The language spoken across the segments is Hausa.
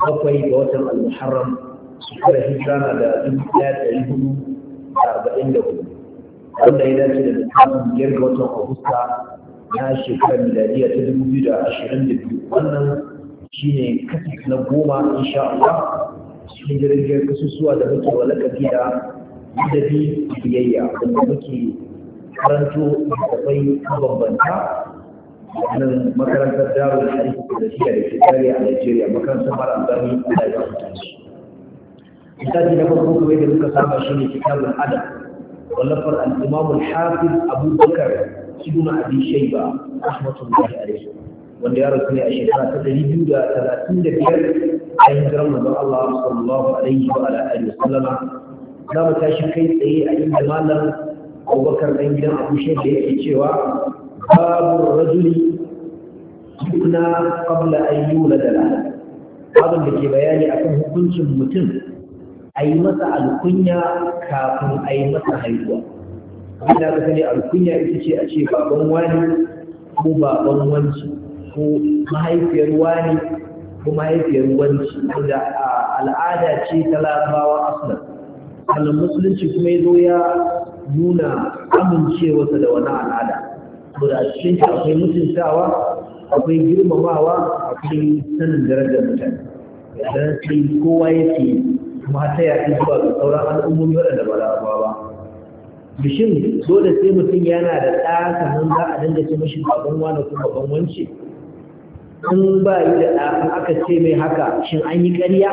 bakwai ga watan al-muharram shekarar hijira na da dubu ɗaya ɗari hudu da arba'in da hudu wanda ya dace da littafin biyar ga watan agusta na shekarar miladiya ta dubu biyu da ashirin da biyu wannan shine kashi na goma in insha Allah cikin jirgin kasusuwa da muke walakafi da ladabi biyayya wanda muke karanto da kwai mabambanta nan makarantar darul hadisi da shiya da ke tsari a Najeriya makarantar mara zami a ya fita shi misali na farko kuma da muka saba shi ne kitabul adab wallafar al-imam al-hafiz Abu Bakar ibn Abi Shayba rahmatullahi alayhi wanda ya rasu ne a shekara ta ɗari biyu da talatin da biyar a yin jiran manzon Allah sallallahu alaihi wa ala alihi sallama za mu tashi kai tsaye a inda malam Abubakar ɗan gidan Abu Shayba yake cewa باب الرجل يبنى قبل أن يولد له abin da ke bayani akan hukuncin mutum a yi masa alkunya kafin a yi masa haihuwa abin da aka sani alkunya ita ce a ce baban wani ko baban wanci ko mahaifiyar wani ko mahaifiyar wanci al'ada ce ta larabawa aslan sannan musulunci kuma ya zo ya nuna amincewarsa da wani al'ada saboda a cikin shi akwai mutuntawa akwai girmamawa akwai sanin darajar mutane idan sai kowa ya yake kuma ta ya yaƙi zuwa ga sauran al'ummomi waɗanda ba za ba ba bishin dole sai mutum yana da ɗaka sannan za a dinga ce mashi baban wani ko baban wance in ba yi da ɗa aka ce mai haka shin an yi ƙarya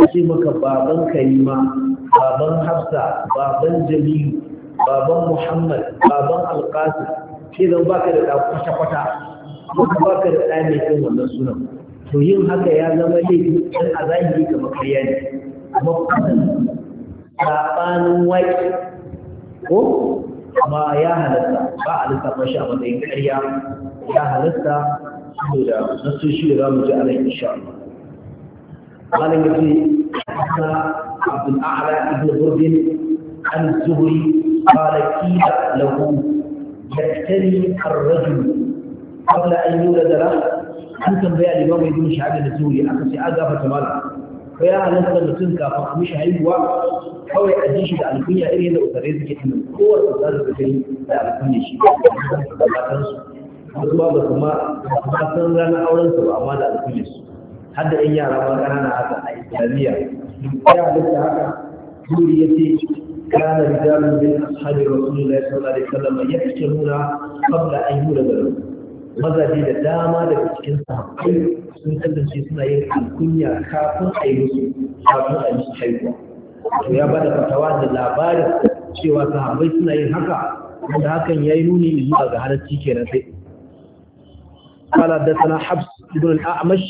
a ce maka baban karima baban hafsa baban jamilu baban muhammad baban alƙasir sai zan baka da ɗa kwata-kwata kuma baka da ɗa mai kan wannan sunan to yin haka ya zama laifi dan a zahiri ga karya ne amma kusan saɓanin waƙi ko amma ya halatta ba a lissafa shi a matsayin karya. ya halatta saboda nasu shi da za mu ji a nan insha Allah قال النبي عبد الاعلى بن برد عن الزهري قال قيل له yaktari ar-rajul qabla an yulada la an tambaya limamu ibn shahab da zuri aka ce aga fa tamala ko ya halatta mutum kafin a mishi haihuwa kawai a ji shi da alkunya irin yadda usare suke tunan kowace tsari da kai da alkunya shi da matansu wasu ba su ma san ranar auren su amma da yan yara ma ƙanana haka a haka ya ce كان رجال من أصحاب رسول الله صلى الله عليه وسلم يكتمون قبل أن يولد له mazaje da dama daga cikin sahabbai sun kasance suna yin alkunya kafin a yi musu kafin a yi haihuwa to ya bada fatawa da labarin cewa sahabbai suna yin haka wanda hakan ya yi nuni zuwa ga halarci na sai قال حدثنا حبس بن الأعمش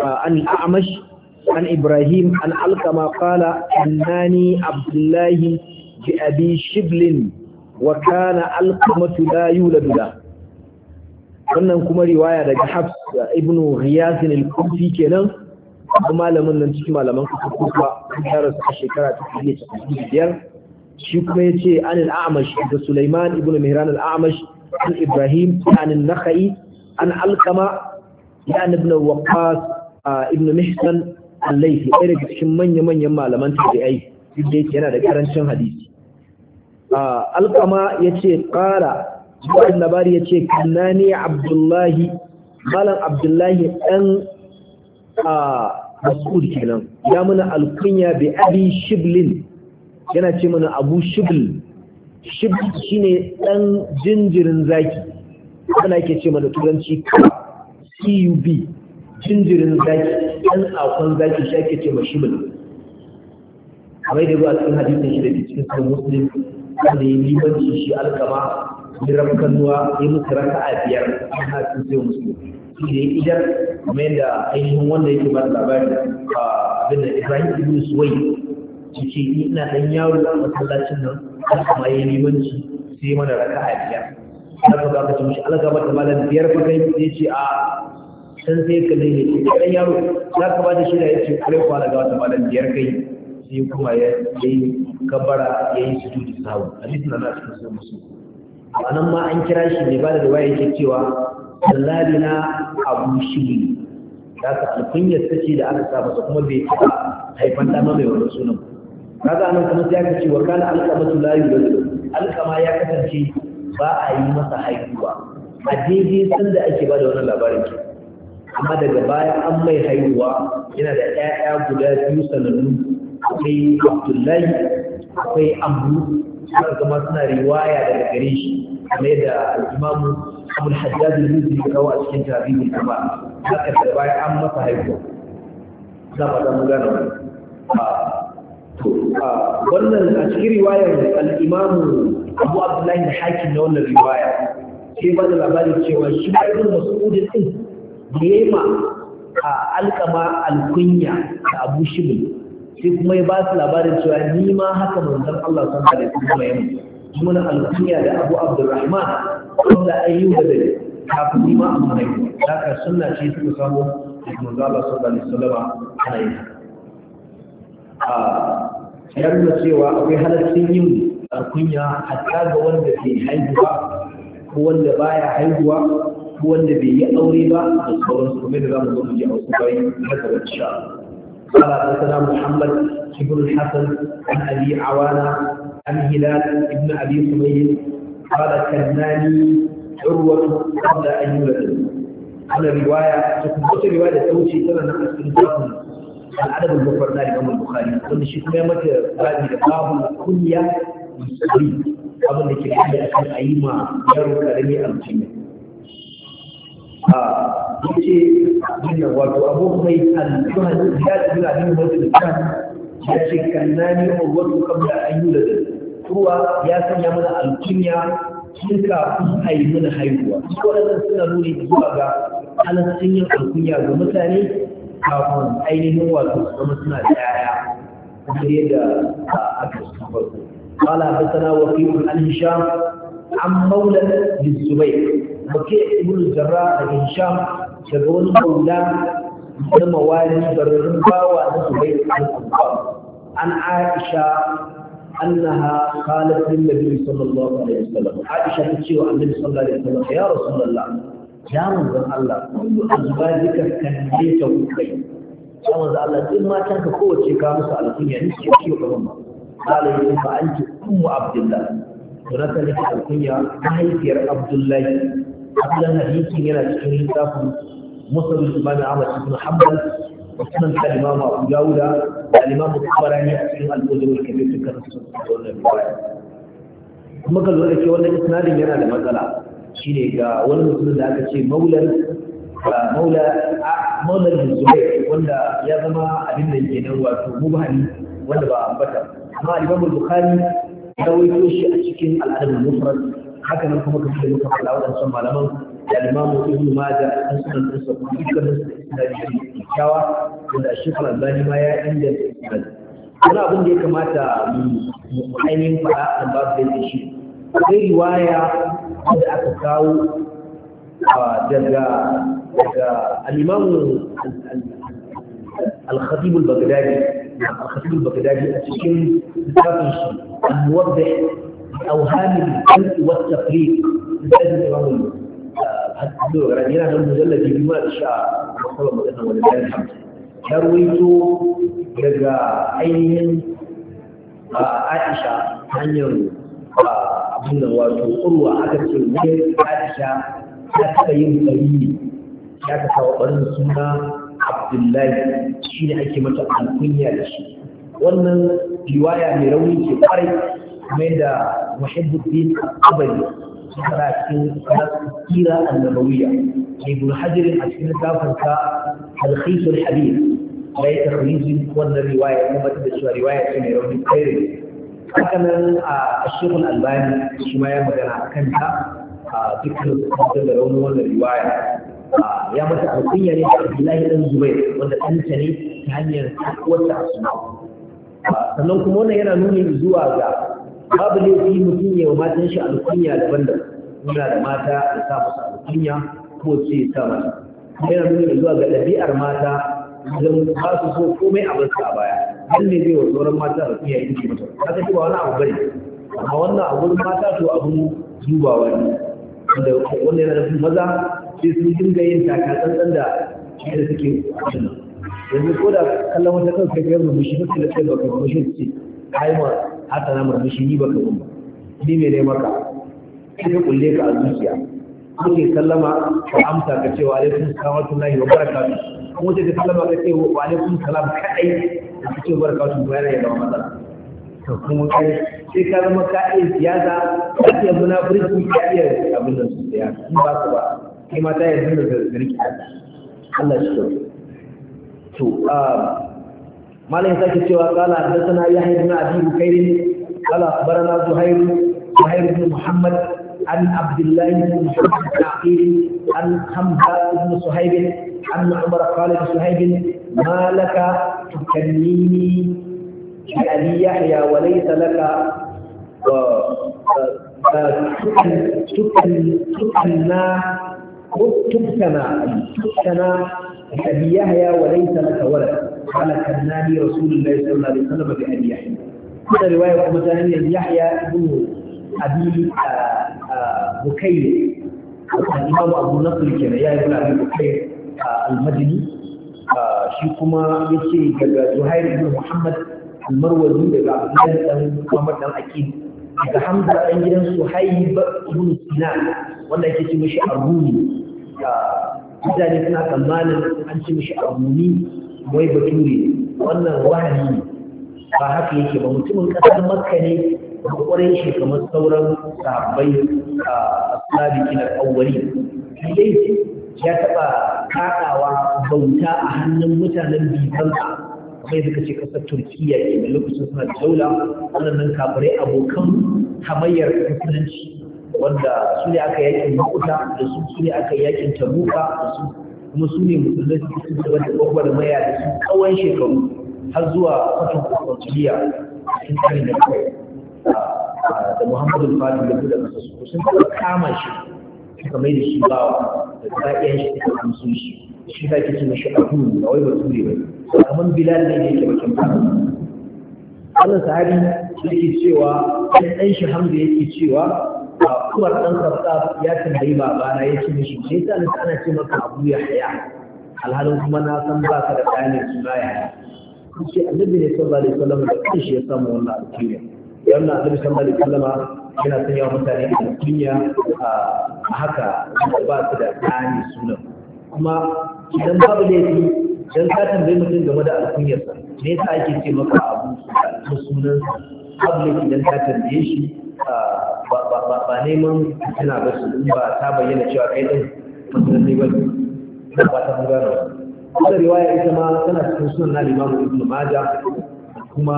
عن الأعمش عن إبراهيم عن علقمة قال أناني عبد الله بأبي شبل وكان علقمة لا يولد له wannan kuma riwaya daga Hafs ibn al-Kufi kenan kuma malamin nan cikin malaman kufa ya rasu a shekara ta shi kuma yace an al-A'mash da Sulaiman ibn Mihran al-A'mash an Ibrahim an an-Nakhai an Alqama ya ibn Waqqas ibn Mihsan al-laifi ɗaya daga cikin manya-manyan malaman tabi'ai duk da yake yana da karancin hadisi alkama yace qala ibn nabari yace kannani abdullahi malam abdullahi dan mas'ud kenan ya muna alkunya bi abi shiblin yana ce mana abu shibl shibl shine dan jinjirin zaki ana yake ce mana turanci cub jinjirin zaki ɗan akon zaki shi ake ce mashimil kamar da ba cikin hadisin shi da ke cikin sun muslim wanda ya yi limanci shi alkama ya rafkanuwa ya musu raka a biyar an hasin sai muslim shi da ya idan kamar yadda ainihin wanda yake ba da labari a abin da ibrahim ibn suwai shi ce ina ɗan yaro a masallacin nan alkama ya yi limanci sai mana raka a biyar haka ba ka ce mishi alkama ta malam biyar fa kai ce a san sai ka ne ce kaɗan yaro za ka ba da shi ya ce kare kwana daga wata malam biyar kai sai kuma ya yi kabara ya yi sujudu sawu hadisi na nasu kan sun musu anan ma an kira shi ne ba da ruwa yake cewa sallari na abu shi ne da ka alkunyar ta ce da aka saba su kuma bai taɓa haifan dama mai wani sunan kaga anan kuma sai aka ce wa kana alkamatu layu da alkama ya kasance ba a yi masa haihuwa a daidai sanda ake ba da wannan labarin ke amma daga baya an mai haihuwa yana da ƴaƴa guda biyu sanannu akwai abdullahi akwai abu suna zama suna riwaya daga gare shi kamar da imamu abul hajjaj al-muzi ya kawo a cikin tarihin kama haka da baya an masa haihuwa za mu ga magana wannan a cikin riwayar al-imamu abu abdullahi da hakim na wannan riwaya sai ba da labarin cewa shi ba ibn mas'udin din nema a alkama alkunya da abu shibin sai kuma ya ba su labarin cewa ni ma haka manzon Allah sun da kuma ya mun alkunya da abu abdurrahman wanda ayyu da dare fi ni ma amma ne haka sunna ce suka samu da manzon Allah sallallahu alaihi wasallam ana yi a yar da cewa akwai halaccin yin alkunya hatta ga wanda ke haihuwa ko wanda baya haihuwa ko wanda bai yi aure ba da sauran kuma da zamu zo mu ji a wasu bai na gaba insha قال حدثنا محمد بن الحسن عن ابي عوانه عن هلال بن ابي riwaya. Ta kuma عروه riwaya da ta wuce روايه تكون روايه توشي ترى نفس الادب المفرد لامام البخاري wanda shi kuma ya mata rabi da babu kunya musali abin da ke da akan ayi ma yaro karami aljihu a ce abinda wato abu mai aljuhan ya tafi abin da wajen kan ya ce kannani a wato da an yi da ruwa ya sanya mana alkunya sun kafin a yi mana haihuwa su waɗannan suna nuni zuwa ga halittun yin alkunya ga mutane kafin ainihin wato su zama suna da yaya Kuma yadda aka su farko قال حدثنا وكيل عن هشام عن مولى للزبير بكيع ابن الزراء بن هشام daga wani kaula na mawali bararrun bawa na zubai al-abbas an aisha annaha qalat lin nabi sallallahu alaihi wasallam aisha ta ce wa annabi sallallahu alaihi wasallam ya rasulullah ya manzon Allah kullu azwajika kallita kai ya manzon Allah din matan ka kowace ka musu alkunya ni ce ciwo kaman ba qala ya fa anti ummu abdullah to na kalli alkunya mahaifiyar abdullahi wannan hadisin yana cikin littafin muslim ibn ahmad ibn hanbal وسنن الإمام أبو داود الإمام الطبراني في الأجر الكبير في كتابه الرواية kuma ka lura cewa wannan isnadin yana da matsala shine ga wani mutumin da aka ce maular maula maular zubair wanda ya zama abin da ke nan wato mubhani wanda ba ambata amma al-Imam al-Bukhari ya wuce shi a cikin al'adar adab al-Mufrad haka nan kuma kamar da muka faɗa waɗancan malaman da limamu ibn maja an sunan ɗinsa kuma dukkanin su da isnadi kyakkyawa wanda shi kuma albani ma ya inganta isnadi wani abin da ya kamata mu ainihin faɗa a babu da shi akwai riwaya wanda aka kawo daga daga al-imamu al-khatib al-baghdadi al-khatib al-baghdadi a cikin littafin shi al-muwaddah أوهام الجمع والتفريق لذلك الإمام رجينا من مجلد بما الشعر وصلى الله عليه ولله الحمد يرويت لغا عين عائشة hanyar abin da wato kurwa aka ce wani aisha ya taɓa yin ɗari ya ta kawo ɓarin suna abdullahi shi ne ake mata alkunya da shi wannan riwaya mai rauni ke ƙwarai ماذا محب الدين قبل شكرا كثير كثيرة النبوية ابن حجر الحسين كافر كا حلقيس الحبيب ليس خليز كون رواية كما تدسوا رواية كما يرون الخيري فكما آه، الشيخ الألباني شمايا مدنا كان كا آه، ذكر الخطر لرون ولا رواية آه، يا متعرفين يعني عبد الله بن الزبير ولا تنتني تهني وتعصمه sannan kuma wannan yana nuni zuwa ga babu laifi mutum ya matan shi alkunya daban da muna da mata da sa masa alkunya ko ce sa mata yana nuna zuwa ga ɗabi'ar mata don ba su so komai a basu a baya dan ne zai wa sauran mata da in ce mutum haka shi ba wani abu bane amma wannan a gurin mata to abun dubawa ne wanda wanda yana da maza sai sun dinga yin takatsantsan da shi da suke yanzu ko da kallon wata kan kai kai murmushi kake da kai ba kai murmushi ce kai ma hasana murmushi ni baka yi ba ni me ne maka sai ka kulle ka a zuciya kuke sallama ka amsa ka ce wa alaikum salam wa rahmatullahi wa barakatuh kuma sai ka sallama ka ce wa alaikum salam kadai ka ce wa barakatuh ba yana yawa matsala to kuma kai sai ka zama ka iya siyasa ka iya birki ka iya abin da su siya in ba ka ba kai ma ta yanzu da zargi Allah shi to ah, مالك ذلك سوى قال حدثنا يحيى بن ابي بكير قال اخبرنا زهير زهير بن محمد عن عبد الله بن محمد بن التعقيل عن حمزه بن صهيب عن عمر قال لصهيب ما لك تكلمني بابي يحيى وليس لك تكلمنا تكلمنا تكلمنا بابي يحيى وليس لك ولد قال كناني رسول الله صلى الله عليه وسلم بأبي يحيى هنا رواية مثلا يحيى بن أبي بكير الإمام أبو نصر كان يا ابن أبي بكير المدني kuma ya ce daga zuhair hamza dan gidan suhaib ibn sinan wanda yake mutane suna tsammanin wai bature wannan wahayi ba haka yake ba mutumin ƙasar makka ne da shi kamar sauran sabai a asabi kina kawari dai ya taɓa kaɗawa bauta a hannun mutanen bisansa kai suka ce kasar turkiya ke da lokacin suna wannan nan kafirai abokan hamayyar musulunci wanda su ne aka yakin makuta da su su ne aka yakin tabuka da su kuma su ne musulmai su da gwagwar maya da su tsawon shekaru har zuwa fatan kwanciya sun kare da kai da muhammadu fadi da buɗe masa su sun taɓa kama shi suka mai da shi bawa da zaɓiyan shi suka kamsu shi shi za ki mashi a kudu ba wai bature ba kamar bilal ne yake bakin fara wannan sahabi yake cewa ɗan ɗan shi hamza yake cewa Umar ɗan Khattab ya tambayi babana ya ce mishi sai ta nasa ana ce maka Abu Yahya alhalin kuma na san ba ka da ɗanin suna Yahya ce annabi ne sallallahu alaihi wasallam da shi ya samu wannan alƙiya ya wannan annabi sallallahu alaihi wasallam yana sanya mutane alƙiya a haka ba su da ɗanin suna kuma idan babu laifi dan ka tambayi mutum game da alƙiyarsa ne ta ake ce maka abu sunansa babu laifi dan ka tambaye shi ba neman suna ba su ba ta bayyana cewa kai ɗin musulmi ba ta ba ta ba. wata riwaya ita ma tana cikin sunan na limamu ibn maja kuma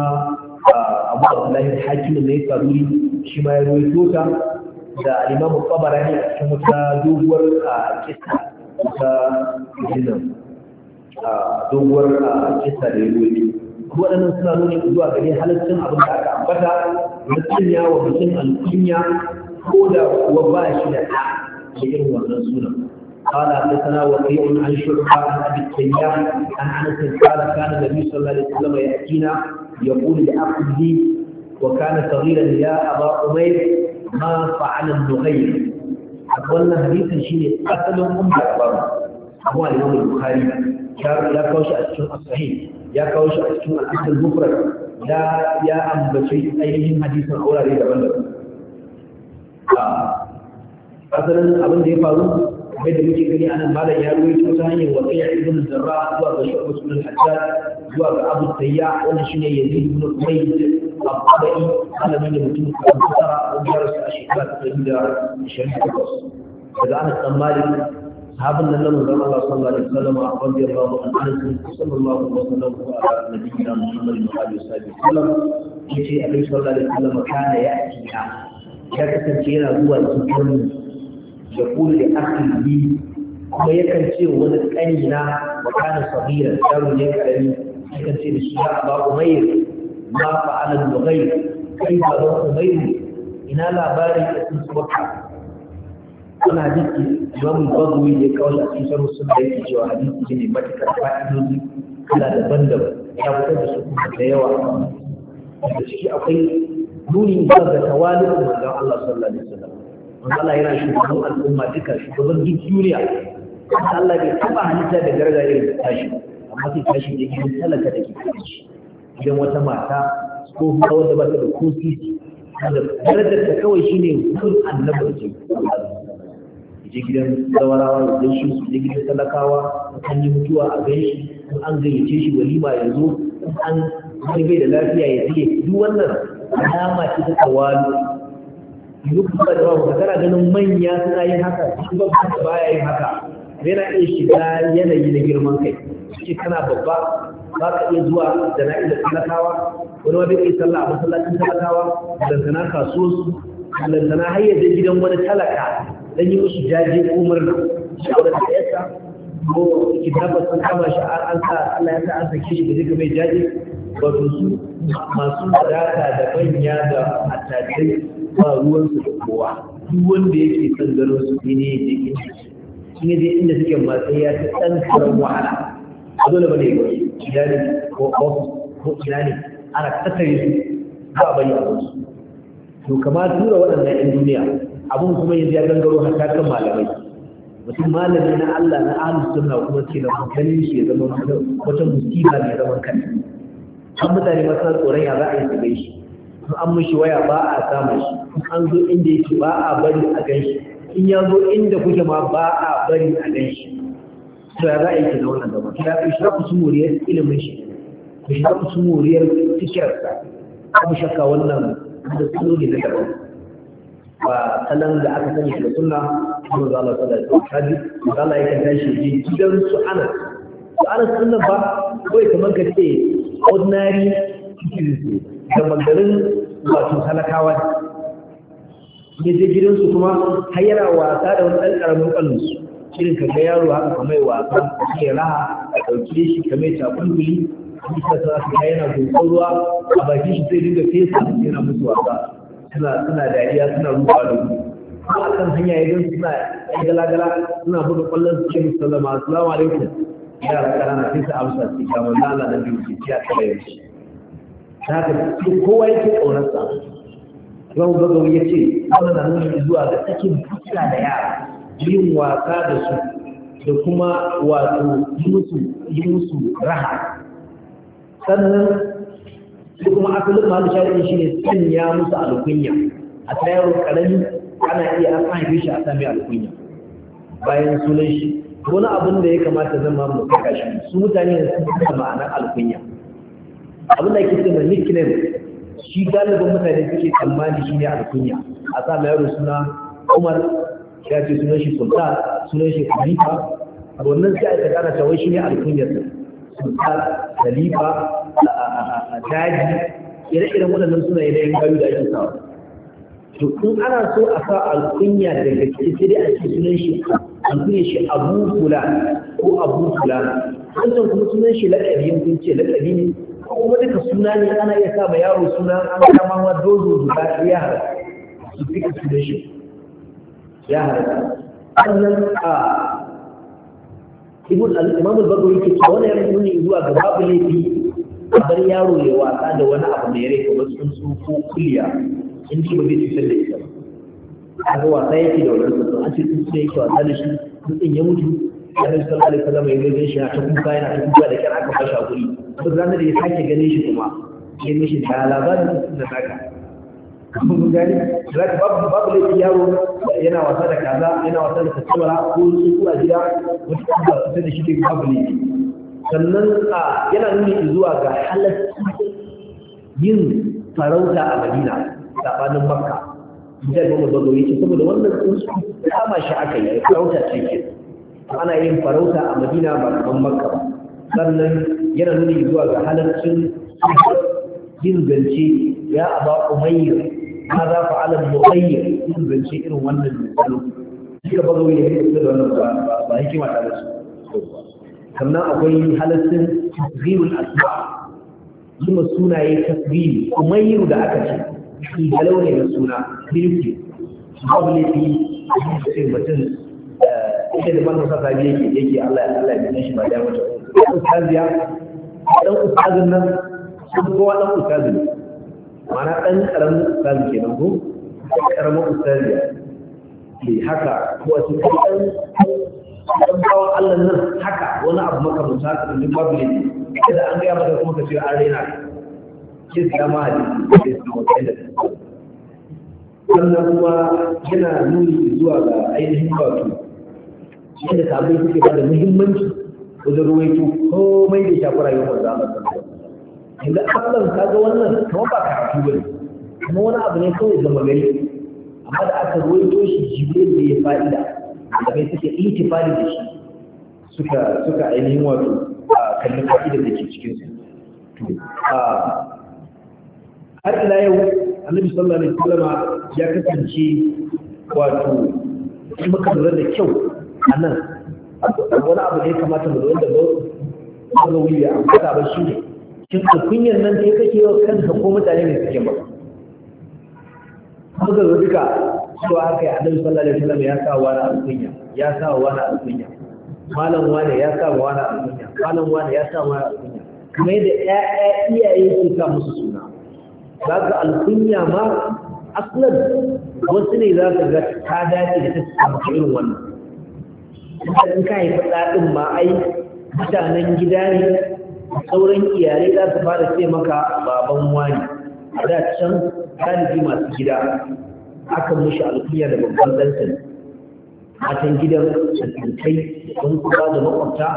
abu abdullahi hakim ne ya karuri shi ma ya ruwaito ta da alimamu ne a cikin wata doguwar kista ta jinan doguwar kista da ya ruwaito waɗannan suna nuni zuwa gare halittun abin da aka ambata mutum ya wa mutum alkunya ko da kuwa ba shi da ɗa da irin wannan sunan قال حدثنا وكيع عن شعبة عن أبي التياح عن أنس قال كان النبي صلى الله عليه وسلم يأتينا يقول لعبده وكان صغيرا يا أبا أمير ما فعل النغير أقولنا حديثا شيء قتل أم أبا أبو الإمام البخاري يا كوش أسجن الصحيح ya kawo shi a cikin al'adar mufrad ya ya ambace ainihin hadisin wurare daban-daban tsarin ah, abin da ya faru bai da muke gani anan malar ya ruwa ta hanyar ya ibn zarra zuwa ga a wasu nan hajjar zuwa ga abu tayya wannan shine yazid ibn umayd al-qadi malamin da mutum kan tsara wanda ya rasu a shekara ta 2028 daga anas dan malik sahabin nan nan zama Allah sallallahu alaihi wasallam a rabbi Allahu an sallallahu alaihi wasallam ala nabiyina Muhammad wa alihi wasallam yace Annabi sallallahu alaihi wasallam kana ya'ti ya kasance yana zuwa cikin ya kula da akhihi kuma yakan ce wani kanina wa kana sabira yaro ne karami yakan ce da shi ya aba umayr ma fa'ala al-ghayr kai ba umayr ina labarin da sun baka wannan hadisi imam bazuwi ya kawo a cikin sharh sunna yake cewa hadisi ne matakar fa'idoji kala daban-daban ya fitar da su da yawa da ciki akwai nuni zuwa ga tawali da manzon Allah sallallahu alaihi wasallam manzon Allah yana shugaban al'umma duka shugaban duk duniya Allah bai taba halitta da gargaɗe irin da tashi amma sai tashi da gidan talaka da ke tashi Idan wata mata ko kuma wanda ba ta da ko sisi da darajar ta kawai shine kun annabi ce je gidan zawarawa ya gaishe su je gidan talakawa an yi mutuwa a gaishe in an gayyace shi walima ya zo in an harbe da lafiya ya je duk wannan alama ce ta tsawalu duk kuma da babu kana ganin manya suna yin haka shi ba ba ya yin haka yana iya shiga yanayi na girman kai shi kana babba ba ka iya zuwa da na'ilar talakawa wani wani kai sallah a masallacin talakawa dantana su. halittana har yaje gidan wani talaka don yi musu jaje ko murna shawarar da yasa ko ki tabbas kama shi an sa Allah ya sa an sake shi da duka mai jaje wato su masu sadaka da manya da attajai ba ruwan su da kowa duk wanda yake son gano su ne da yake shi ne dai inda suke masu ya ta ɗan karan wahala a dole ba ne iyali ko ofis ko iyali ana tattare su ba bari a wasu to kama tura waɗannan 'yan duniya abin kuma yanzu ya gangaro hatta kan malamai mutum malami na Allah na ahlus suna kuma ke da ganin shi ya zama wata musiba mai zaman kanta an mutane masu tsoron ya za a yi su gaishe Kuma an mushi waya ba a samun shi in an zo inda yake ba a bari a gan shi in ya zo inda kuke ma ba a bari a gan shi to ya za a yi ke da wannan zama to ya shi ku su moriyar ilimin shi ku shi ku su moriyar fikirarsa abu shakka wannan da sunni na daban ba salon da aka sani da sunna kuma za Allah sallallahu alaihi wasallam kaji Allah yake tashi ji gidan su ana su ana sunna ba kawai kamar ka ce ordinary citizens da magarin wato talakawa ne je su kuma har yana wasa da wani ɗan ƙaramin su. shirin ka ga yaro haka kamar wasa ka raha ka ɗauke shi ka mai takunkuli bisa sa su yana gokon ruwa a bakin shi zai dinga fesa yana musu wasa suna suna dariya suna ruwa da ku a kan hanya idan suna ɗan galagala suna buga kwallon su ce musu sallama assalamu alaikum yara karana na fesa amsa su ga manzo Allah da biyu ke ciya kare yau ta ka kowa yake kaunar sa Imam Bagawi ya ce wannan na nuna zuwa ga sakin fuska da yara yin wasa da su da kuma wato yi musu raha sannan su kuma asalin da shari'i shi ne sanya musu alkunya a tayarwar karami ana iya an haife shi a sami alkunya bayan sunan shi wani abin da ya kamata zama mu kaka shi su mutane da sun kasa ma'anar alkunya abin da ake ce mai nickname shi galibin mutane suke tsammani shi ne alkunya a sa yaro suna umar ya ce sunan shi sultan sunan shi khalifa a wannan sai aka kana tawai shi ne alkunyar alkunyarsa cuta saliba daji ire-iren waɗannan suna yanayin yin da ake sawa to in ana so a sa alkunya da gaske sai dai a ce sunan shi alkunya shi abu kula ko abu kula Wannan kuma sunan shi laƙabi yin kun ce laƙabi ne kuma duka suna ne ana iya sa ma yaro suna an kama ma dozo guda ya haraka su fika sunan shi ya haraka sannan a ibn al-imam al-bagawi ke cewa wannan yana nuni zuwa ga babu laifi a bar yaro ya wasa da wani abu mai rai kamar tsuntsu ko kuliya in ji ba zai cutar da ita ba ga wasa yake da wani tsuntsu an ce tsuntsu yake wasa da shi tsuntsun ya mutu ya rai sallallahu alaihi wasallam ya gaje shi a ta kuka yana ta kuka da kyar aka fasha guri ba ranar da ya sake gane shi kuma ya mishi da labarin da saka mun gani zaka babu babu laifi yaro yana wasa da kaza yana wasa da tattabara ko su a gida wata ba su da shi babu laifi sannan a yana nuni zuwa ga halatta yin farauta a Madina sabanin Makka Jihar Muhammad Bago yake saboda wannan tsuntsu kama shi aka yi farauta ce ke ana yin farauta a Madina ba kamar Makka ba sannan yana nuni zuwa ga halaccin yin zance ya aba umayyar ma za fa alam muqayyir in zance irin wannan misalo shi ka bazo ya yi da wannan ba ba hikima ta su sannan akwai halaccin tasghirul asma yi ma sunaye tasghiri umayyiru da aka ce shi galau ne da suna birki babu laifi da sai mutum ita da banda sasa yake yake Allah ya Allah ya shi ba da mutum ustaziya dan ustazin nan sun kowa dan ustazin mana ɗan ƙaramin ustazi ke nan ko ƙaramin ustazi ke eh, haka ko a cikin kai ɗan ɗan Allah nan haka wani abu makamanta haka da duk babu ne kada an gaya maka kuma ka ce an raina ke siya ma hadisi da ke yadda da sannan kuma yana nuni zuwa ga ainihin wato yadda sabbin suke ba da muhimmanci wajen ruwaito komai da shafi rayuwar manzo yanzu aslan ga wannan kamar ba karatu ba ne kuma wani abu ne kawai zama gari amma da aka ruwaito shi jibril da ya fa'ida da suke suka itifali da shi suka suka ainihin wato kallon fa'ida da ke cikin su to har ila yau annabi sallallahu alaihi wasallam ya kasance wato muka lura da kyau a nan wani abu ne kamata mu lura da da ba wuya amma ba shi ne shin kunyar nan sai kake wa kanka ko mutane ne suke ba haka zo duka so aka yi annabi sallallahu alaihi wasallam ya sa wa na alkunya ya sa wa na alkunya malam wani ya sa wa na alkunya malam wani ya sa wa na alkunya kuma yadda ƴaƴa iyaye su sa musu suna za ka alkunya ma aslan wasu ne za ka ga ta dace da ta samu irin wannan in ka haifi ɗaɗin ma ai mutanen gida ne sauran iyalai za su fara ce maka baban wani a da can galibi masu gida aka mishi alkunya da babban A matan gidan da da ɗan kuma da makwabta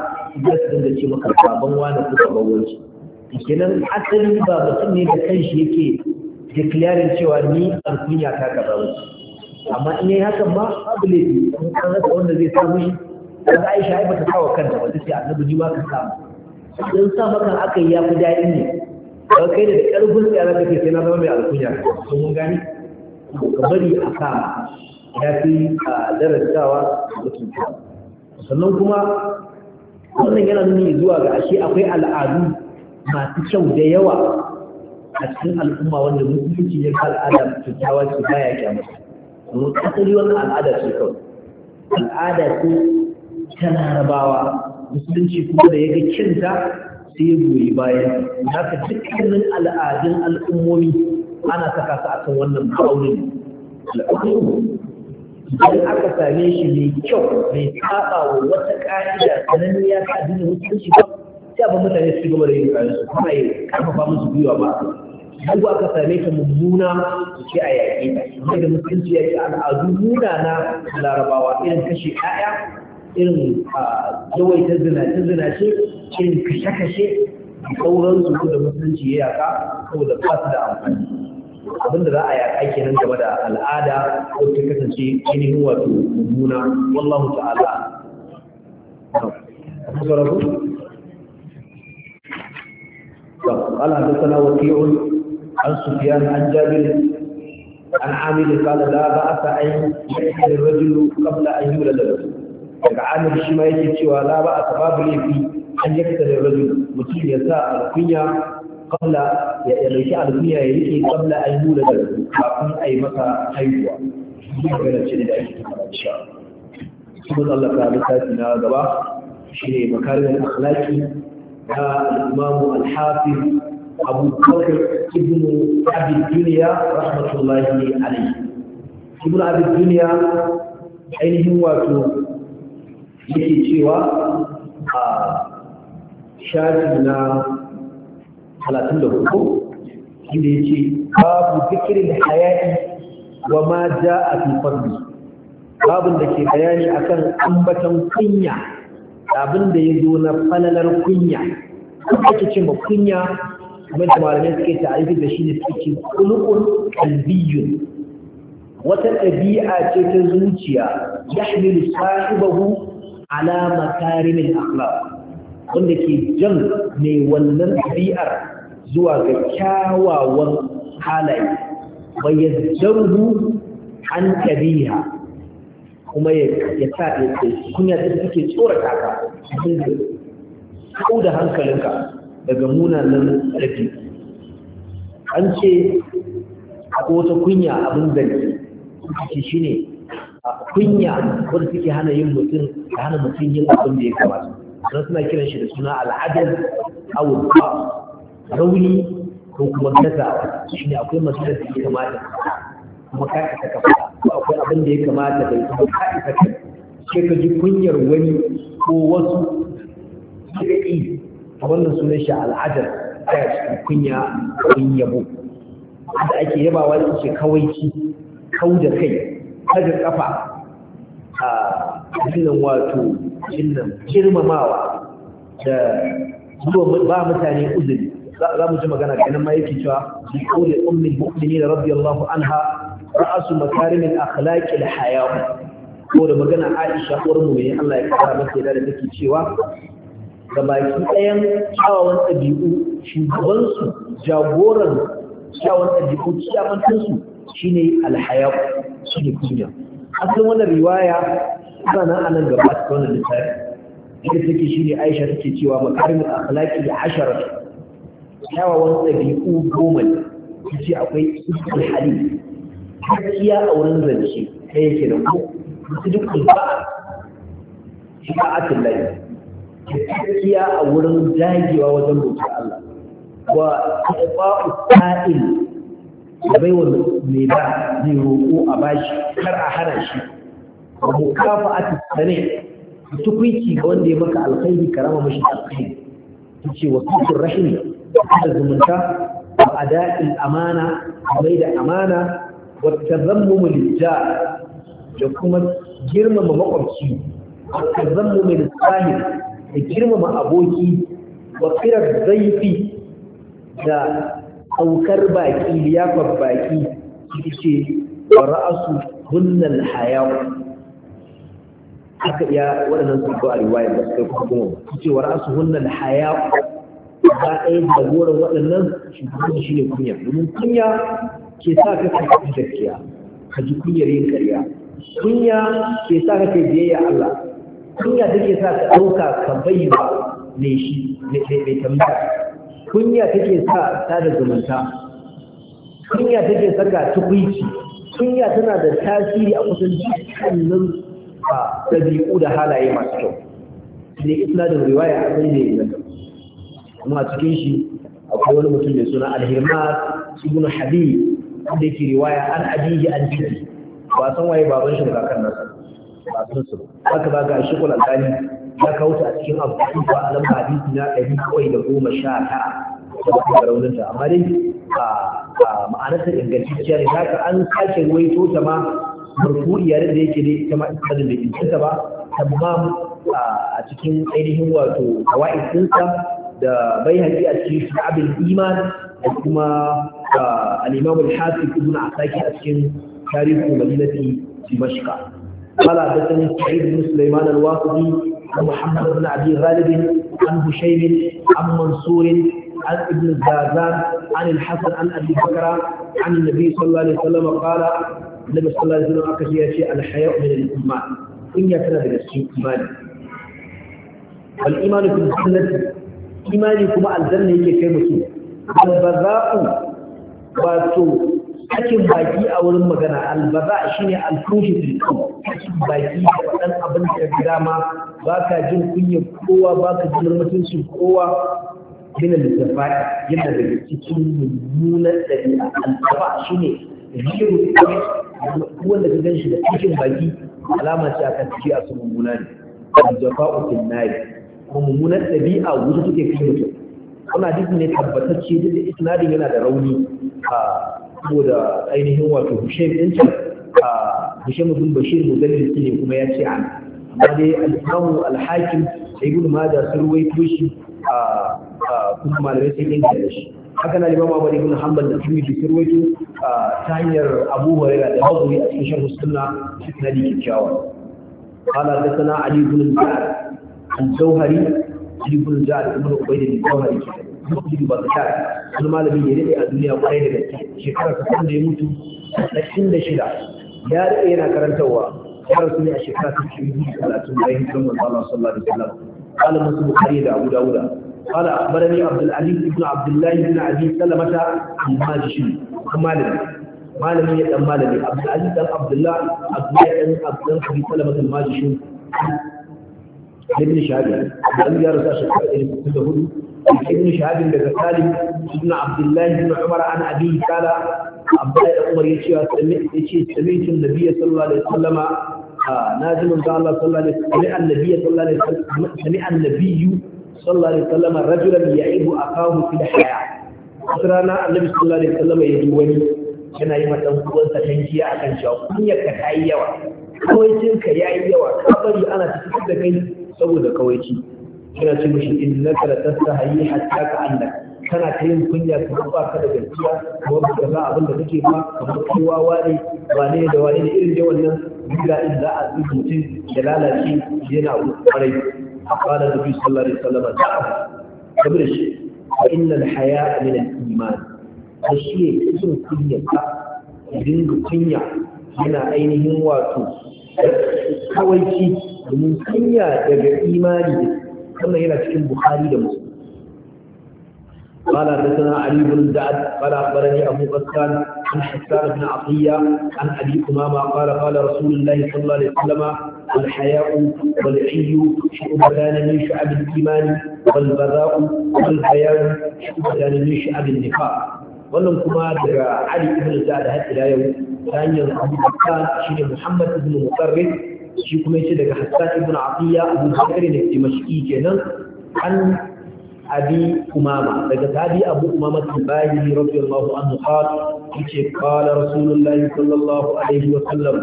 za su dinga ce maka baban wani ko baban wani kenan asali ba mutum ne da kanshi yake declaring cewa ni alkunya ta kaza amma in yi hakan ma babu laifi kan rasa wanda zai samu shi kan aisha ai bata kawo kanta ba ce annabi ji ba ka samu don sa maka aka yi ya fi daɗi ne ba kai da ƙarfin tsara ke sai na zama mai alkunya sun mun gani ka bari a kama ya fi a darasawa da mutunta sannan kuma wannan yana nuni zuwa ga ashe akwai al'adu masu kyau da yawa a cikin al'umma wanda mutunci ne ka al'ada kyakkyawa ce baya kyamata domin asali wannan al'ada ce kawai al'ada ce ta rabawa. musulunci kuma da ya ga kinta sai ya goyi bayan ka dukkanin al'adun al'ummomi ana saka su akan wannan ma'aunin al'ummomi idan aka same shi mai kyau mai saba wa wata ka'ida sanan ya ka addinin musulunci ba sai abin mutane su gaba da yin kare su kuma ya karfafa musu gwiwa ba duk aka same ta mummuna ce a yaƙi ta da musulunci ya ce al'adu na larabawa irin kashe 'ya'ya irin a ta zinace-zinace cin kashe-kashe a sauran su da musulunci ya yaka saboda ba su da amfani abinda za a yaka kenan game da al'ada ko ta kasance ainihin wato mummuna wallahu ta'ala قال حدثنا وكيع عن سفيان عن جابر عن عامر قال لا بأس أن يحل الرجل قبل أن يولد الرجل daga amir shi ma yake cewa la ba a babu laifi an yakta da rajul mutum ya sa alkunya kabla ya dauki alkunya ya rike kabla an yi da kafin a yi masa haihuwa duk magana ce da ake tunanin sha sun Allah ta tafi na gaba shi ne makarin akhlaqi na al-imam al-hafiz Abu Bakr ibn Abi Dunya rahmatullahi alayhi Ibn Abi Dunya ainihin wato yake cewa a shafi na da hukun inda ya ce babu fikirin hayaki wa ma ja a fifarbi babin da ke bayani akan ambatan kunya abin da ya zo na falalar kunya kuma ake ce ma kunya kamar da malamai suke ta'arifi da shi ne suke ce kulukun kalbiyun wata ɗabi'a ce ta zuciya ya hamilu sahibahu Alama makarimin akhlaq wanda ke jan mai wannan ɗabi'ar zuwa ga kyawawan halaye bai yaddaru an tabiha kuma ya sa ya kunya da suke tsorata ka kau da hankalinka daga munanan rafi an ce a wata kunya abin zargi shi ne kunya wanda suke hana yin mutum da hana mutum yin abin da ya kamata don suna kiran shi da suna al'adar awul rauni ko kuma gaza shi ne akwai masu da ya kamata kuma ka isa ka ko akwai abin da ya kamata da bai kuma ka isa ka sai ka ji kunyar wani ko wasu suka yi a wannan sunan shi al'adar ta cikin kunya kun yabo da ake yabawa da kawai kawaici kau da kai daga kafa a cikin wato cikin girmamawa da ba mutane uzuri za mu ji magana ganin ma yake cewa bi qawli ummi al-mu'minin radiyallahu anha ra'su makarim al-akhlaq da hayawa, ko da magana Aisha uwar ne, Allah ya kara mata da take cewa ga baki ɗayan kyawawan ɗabi'u shugabansu jagoran kyawawan ɗabi'u kiyamantansu shine alhaya ne kunya asalin wannan riwaya ana nan anan gaba a cikin wannan littafi yadda take ne Aisha take cewa makarimul akhlaqi ashara kyawawan ɗabi'u goma ne ta ce akwai iskul hali gaskiya a wurin zance ta yake da ku su duk ba. shi a atin gaskiya a wurin dagewa wajen bautar Allah wa ƙaƙa'u ta'il ya bai wa mai ba zai roƙo a bashi kar a hana shi wa mukafa a tattane tukunci ga wanda ya maka alkhairi karama mashi alkhairi ta ce wa kusur rahimi da zumunta wa ada'il amana mai da amana wa tazammumu lijja da kuma girmama makwabci wa tazammumu lissahi da girmama aboki wa firar zaifi da saukar baki liyafar baki su ce wa ra'asu hunnan hayawa aka iya waɗannan sun a riwayar da suka kuma kuma su ce wa ra'asu hunnan hayawa ba ɗaya da goron waɗannan shugaban shi ne kunya domin kunya ke sa ka kai gaskiya ka ji kunyar yin karya kunya ke sa ka kai biyayya Allah kunya take sa ka ɗauka ka bai ba ne shi ne tambaya kunya take sa ta da zumunta kunya take saka tukuici kunya tana da tasiri a kusan dukkanin a dabi'u da halaye masu kyau ne da riwaya a kai ne na kuma cikin shi akwai wani mutum mai suna alhimar ibn habib wanda yake riwaya an abiji an jiri ba san waye baban shi kan nasa ba san su haka ba ga shi kula tsani ya kawo ta a cikin abu ba a lamba hadisi na ɗari kawai da goma sha tara da rauninta amma dai a ma'anarta ingantacciya ne haka an sake ruwaito ta ma marfu'iyar da yake ne ita ma ita da ta ba tamam a cikin ainihin wato kawai ɗinsa da bai haƙi a cikin shu'abin iman da kuma al-imam al-hafiz ibn asaki a cikin tarihi madinati dimashqa qala hadathani sa'id bin sulaiman al-waqidi ومحمد بن أبي غالب عن بشير عن منصور عن ابن الزازان عن الحسن عن أبي بكر عن النبي صلى الله عليه وسلم قال النبي صلى الله عليه وسلم أكد يا الحياء من الإيمان إن يكن بنفسه إيمان والإيمان في الجنة إيماني كما الجنة هي كلمة البذاء واتو sakin baki a wurin magana albaza shi ne alfushi sakin baki da faɗan abin da ka dama ba ka jin kunya kowa ba ka jin mutuncin kowa da zafa yana daga cikin mummunan ɗabi'a albaza shi ne riru wanda ka gan shi da cikin baki alama ce kan ciki a su mummuna ne Zafi-zafa fil nari kuma mummunan ɗabi'a wuce take kai mutum wannan hadisi ne tabbatacce da isnadin yana da rauni a ah, saboda ainihin wato Hussein din a Hussein bin Bashir mudallisi ne kuma ya ce an amma dai al-Imam al-Hakim sai Ibn Majah sun ruwaito shi kuma malamai sun inganta shi haka na Imam Ahmad ibn Hanbal da Tirmidhi sun ruwaito ta hanyar Abu Hurairah da Bukhari a cikin sharh sunna na dikiyawa قال حدثنا علي بن الجعد Ali علي بن الجعد da عبيد الجوهري mutum ba ta wani malami da ya a duniya kwarai da gaske shekara ta da ya mutu ɗashin da shida ya daɗe yana karantarwa ya rasu ne a shekara ta cikin biyu talatin bayan hijiran manzo Allah sallallahu alaihi wasallam qala muslim bukhari da abu dawuda qala akhbarani abdul aziz ibn abdullah ibn abi salamata al-majshi malami malami ya dan malami abdul aziz dan abdullah abdullah dan abdullah abi salamata al-majshi ibn shabi dan ya rasu a shekara ta ابن شهاب بن سالم ابن عبد الله بن عمر عن أبيه قال عبد الله بن عمر يشي سمعت النبي صلى الله عليه وسلم نازل من الله صلى الله عليه وسلم سمع النبي صلى الله عليه وسلم سمع النبي صلى الله عليه وسلم رجلا يعيب أخاه في الحياة أسرانا النبي صلى الله عليه وسلم يدوني yana yi mata uwansa tankiya a kan cewa kunyarka ta yi yawa kawaicinka ya yi yawa kabari ana cikin da kai saboda kawaici yana ce mashi innaka la tastahi hatta ka annaka kana ta yin kunya ka ba ka da gaskiya ko ba ka abin da kake ba kamar kowa wani wane da wane ne irin da wannan bid'a in za a mutum ya lalace yana kwarai qala nabi sallallahu alaihi wasallam da'a kabir shi da haya a al-iman shi ne cikin kunya ka dinga kunya yana ainihin wato kawai kawaici domin kunya daga imani wannan yana cikin bukhari da قال حدثنا علي بن زعد قال اخبرني ابو غسان عن حسان بن عطيه عن ابي امامه قال قال رسول الله صلى الله عليه وسلم الحياء والعي شعبتان من شعب الايمان والبذاء والبيان شعبتان من شعب النفاق wannan kuma daga Ali ibn Za'ad har ila yau ta hanyar Abu Bakar shine Muhammad ibn Mutarrif shi kuma yace daga Hassan ibn Afiya Abu Bakr ne Dimashqi kenan an Abi Umama daga sahabi Abu Umama Tibayi radiyallahu anhu qala yace qala Rasulullah sallallahu alaihi wa sallam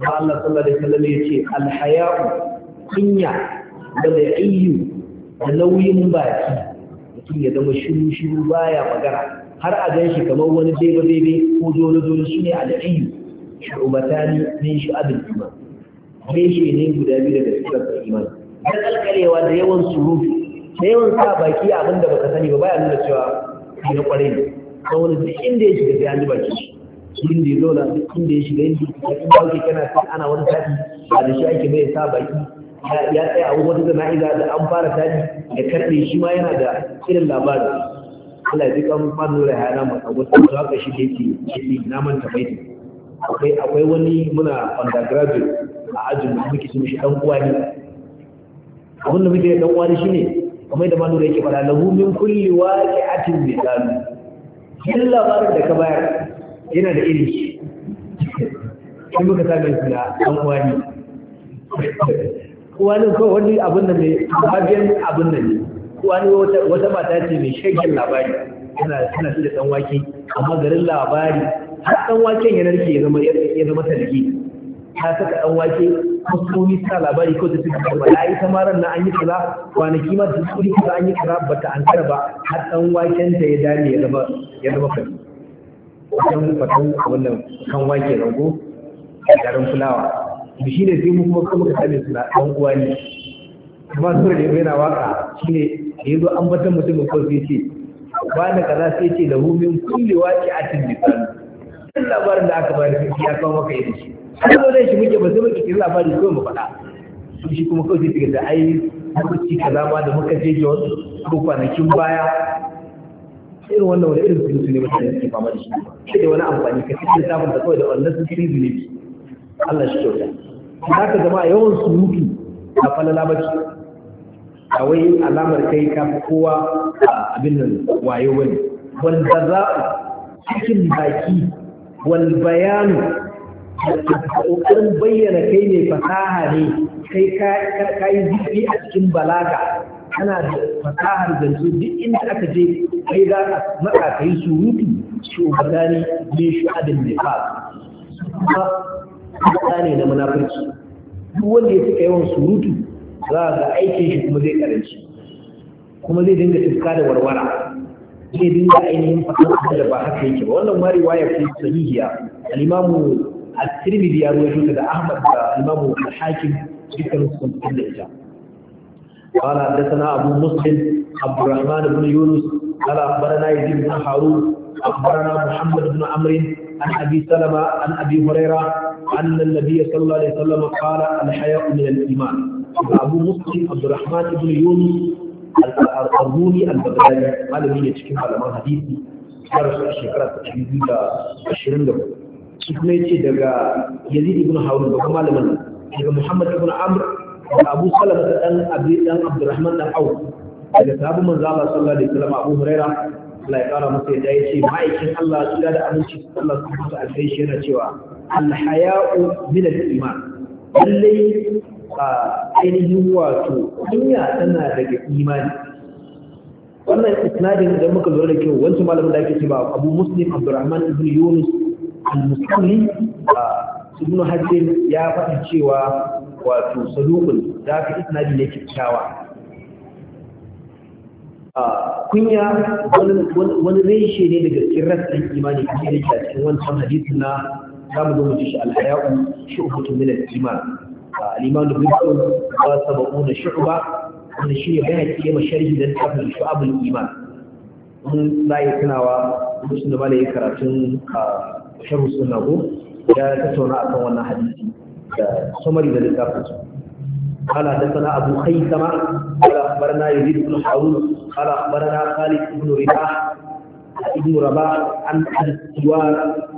Allah sallallahu alaihi wa sallam yace al-haya'u kunya da da'iyu da nauyin baki mutum ya zama shiru shiru baya magana har a gan shi kamar wani bebe bebe ko dole dole shine al-ayyu shu'batani min shu'abil iman reshe ne guda biyu daga cikin da iman. da kalkalewa da yawan surufi da yawan sa baki abin da baka sani ba baya nuna cewa shi na kwarai ne don wani duk inda ya shiga sai an ji baki shi inda ya da duk inda ya shiga inda ya in ba kana sai ana wani tafi ba da shi ake mai sa baki ya tsaya a wata zana'iza da an fara tafi da karɗe shi ma yana da irin labarin Allah ya duka mun fara nura yana mu da haka shi da ke na manta baiti akwai akwai wani muna undergraduate a ajin da muke shi dan uwa ne abin da muke da dan uwa ne shine kamar da malura yake fara lahu min kulli waqi'atin misal kin labarin da ka bayar yana da irin shi in muka sami su da dan uwa ne uwa ne ko wani abin da ne babiyan abin da ne uwa ne wata mata ce mai shagen labari yana tana shi da dan wake amma garin labari har dan waken ya rike ya zama ya zama talgi ta saka ɗan wake musulmi ta labari ko ta ci gaba ya yi samaran na an yi kaza kwanaki ma ta tsuri kaza an yi kaza ba ta an ba har ɗan waken ta ya dame ya zama ya zama fari wajen fatan wannan kan wake rago a garin fulawa da shi ne sai mu kuma kuma ka same suna ɗan uwa ne kuma sura da yana waka shi ne da ya zo an batan mutumin ko sai ce ba na kaza sai ce da humin kullewa a atin misali Allah labarin da aka bayar shi ya kawo maka yadda shi an zo da shi muke ba sai muke kiri labari kawai mu faɗa su shi kuma kawai sai da ai lokaci kaza ma da muka je Jos ko kwanakin baya irin wannan wani irin surutu ne mutane suke fama da shi sai da wani amfani ka cikin sabon da kawai da wannan sun kiri zunubi Allah shi kyauta za ka zama yawan surutu a falala ba ce a wai alamar kai ka fi kowa abin nan wayo wanda za cikin baki wal bayanu ƙoƙarin bayyana kai ne fasaha ne kai ka yi jirgi a cikin balaga kana da fasahar zance duk inda aka je kai za a matsa ka yi surutu shugabani ne adin da ba kuma kuma ne na munafurci duk wanda ya suka yawan surutu za a ga aikin shi kuma zai karanci kuma zai dinga tuska da warwara zai dinga ainihin fasahar da ba haka yake ba wannan ma ya fi sahihiya Alimamu. at-tirmidhi ya rawaito daga ahmad da imamu al-hakim dukkan sun da ita قال حدثنا ابو مسلم عبد الرحمن بن يونس قال اخبرنا يزيد بن هارون اخبرنا محمد بن عمرو عن ابي سلمه عن ابي هريره ان النبي صلى الله عليه وسلم قال الحياء من الايمان ابو مسلم عبد الرحمن بن يونس القرضوني البغدادي قال لي cikin malaman hadisi ya rasu a shekara ta 2024 shi kuma yace daga Yazid ibn Harun da kuma malaman daga Muhammad ibn Amr da Abu Salama da dan Abi dan Abdurrahman dan Auf daga sahabu manzo Allah sallallahu alaihi wasallam Abu Huraira Allah ya kara masa yadda yace ma'aikin Allah su da aminci Allah subhanahu wa ta'ala yana cewa al-haya'u min al-iman lalle ainihin wato duniya tana daga imani wannan isnadin idan muka lura da kyau wancan malamin da ake cewa Abu Muslim Abdurrahman ibn Yunus al-musalli ibn hajjin ya faɗi cewa wato saduqun da ka isnadi ne kyakkyawa kunya wani reshe ne daga cikin rassan imani kuma yake a cikin wancan hadisi na zamu zo mu ji shi al-haya'u shu'batun min al-iman al-iman bi kullu wa sab'una shu'ba wannan shi ne bayan ma sharhi da tafsir shu'abul iman mun la yakinawa da ne karatun sharhu السنة ko ya tattauna akan wannan hadisi da قال حدثنا ابو خيثمه قال اخبرنا يزيد بن حاول قال اخبرنا خالد بن رباح ابن رباح عن ابي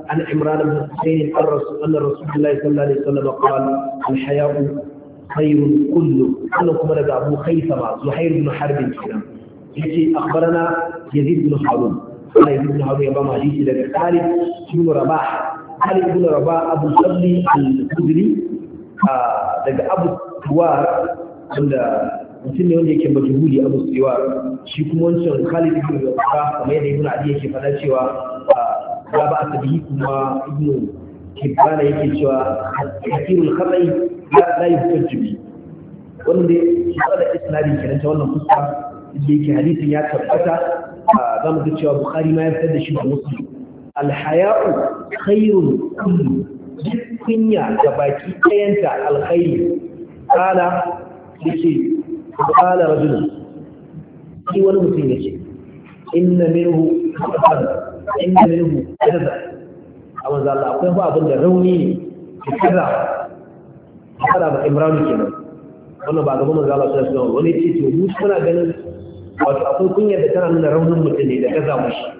عن عمران بن حسين ان رسول الله صلى الله عليه وسلم قال الحياء خير كله انكم أخبرنا ابو خيثمه زهير بن حرب الكلام يجي اخبرنا يزيد بن حاول ana ibn Hawi ya ba mu hadisi daga Khalid ibn Rabah Khalid ibn Rabah Abu Sabli al-Khudri ah, daga Abu Tuwar wanda mutum ne wanda yake majhuli Abu Tuwar shi kuma wancan Khalid ibn Rabah kamar yadda ibn Ali yake faɗa cewa ah, ya ba a bihi kuma ibn Hibban yake cewa hakirul khatai la yuhtajju bi wanda ya da isnadi kenan ta wannan fuska yake hadisin ya tabbata za mu cewa bukhari ma ya fitar da shi da muslim alhaya'u khairun kullu duk kunya da baki kayanta alkhairi kala yake kala rajul shi wani mutum yake inna minhu inna minhu kaza a manzo Allah akwai ba abin da rauni ne kaza kada ba imranu kenan wannan ba gaban manzo Allah sallallahu alaihi wasallam wani ce to mu suna ganin wato akwai kunya da tana nuna raunin mutum ne da gaza mushi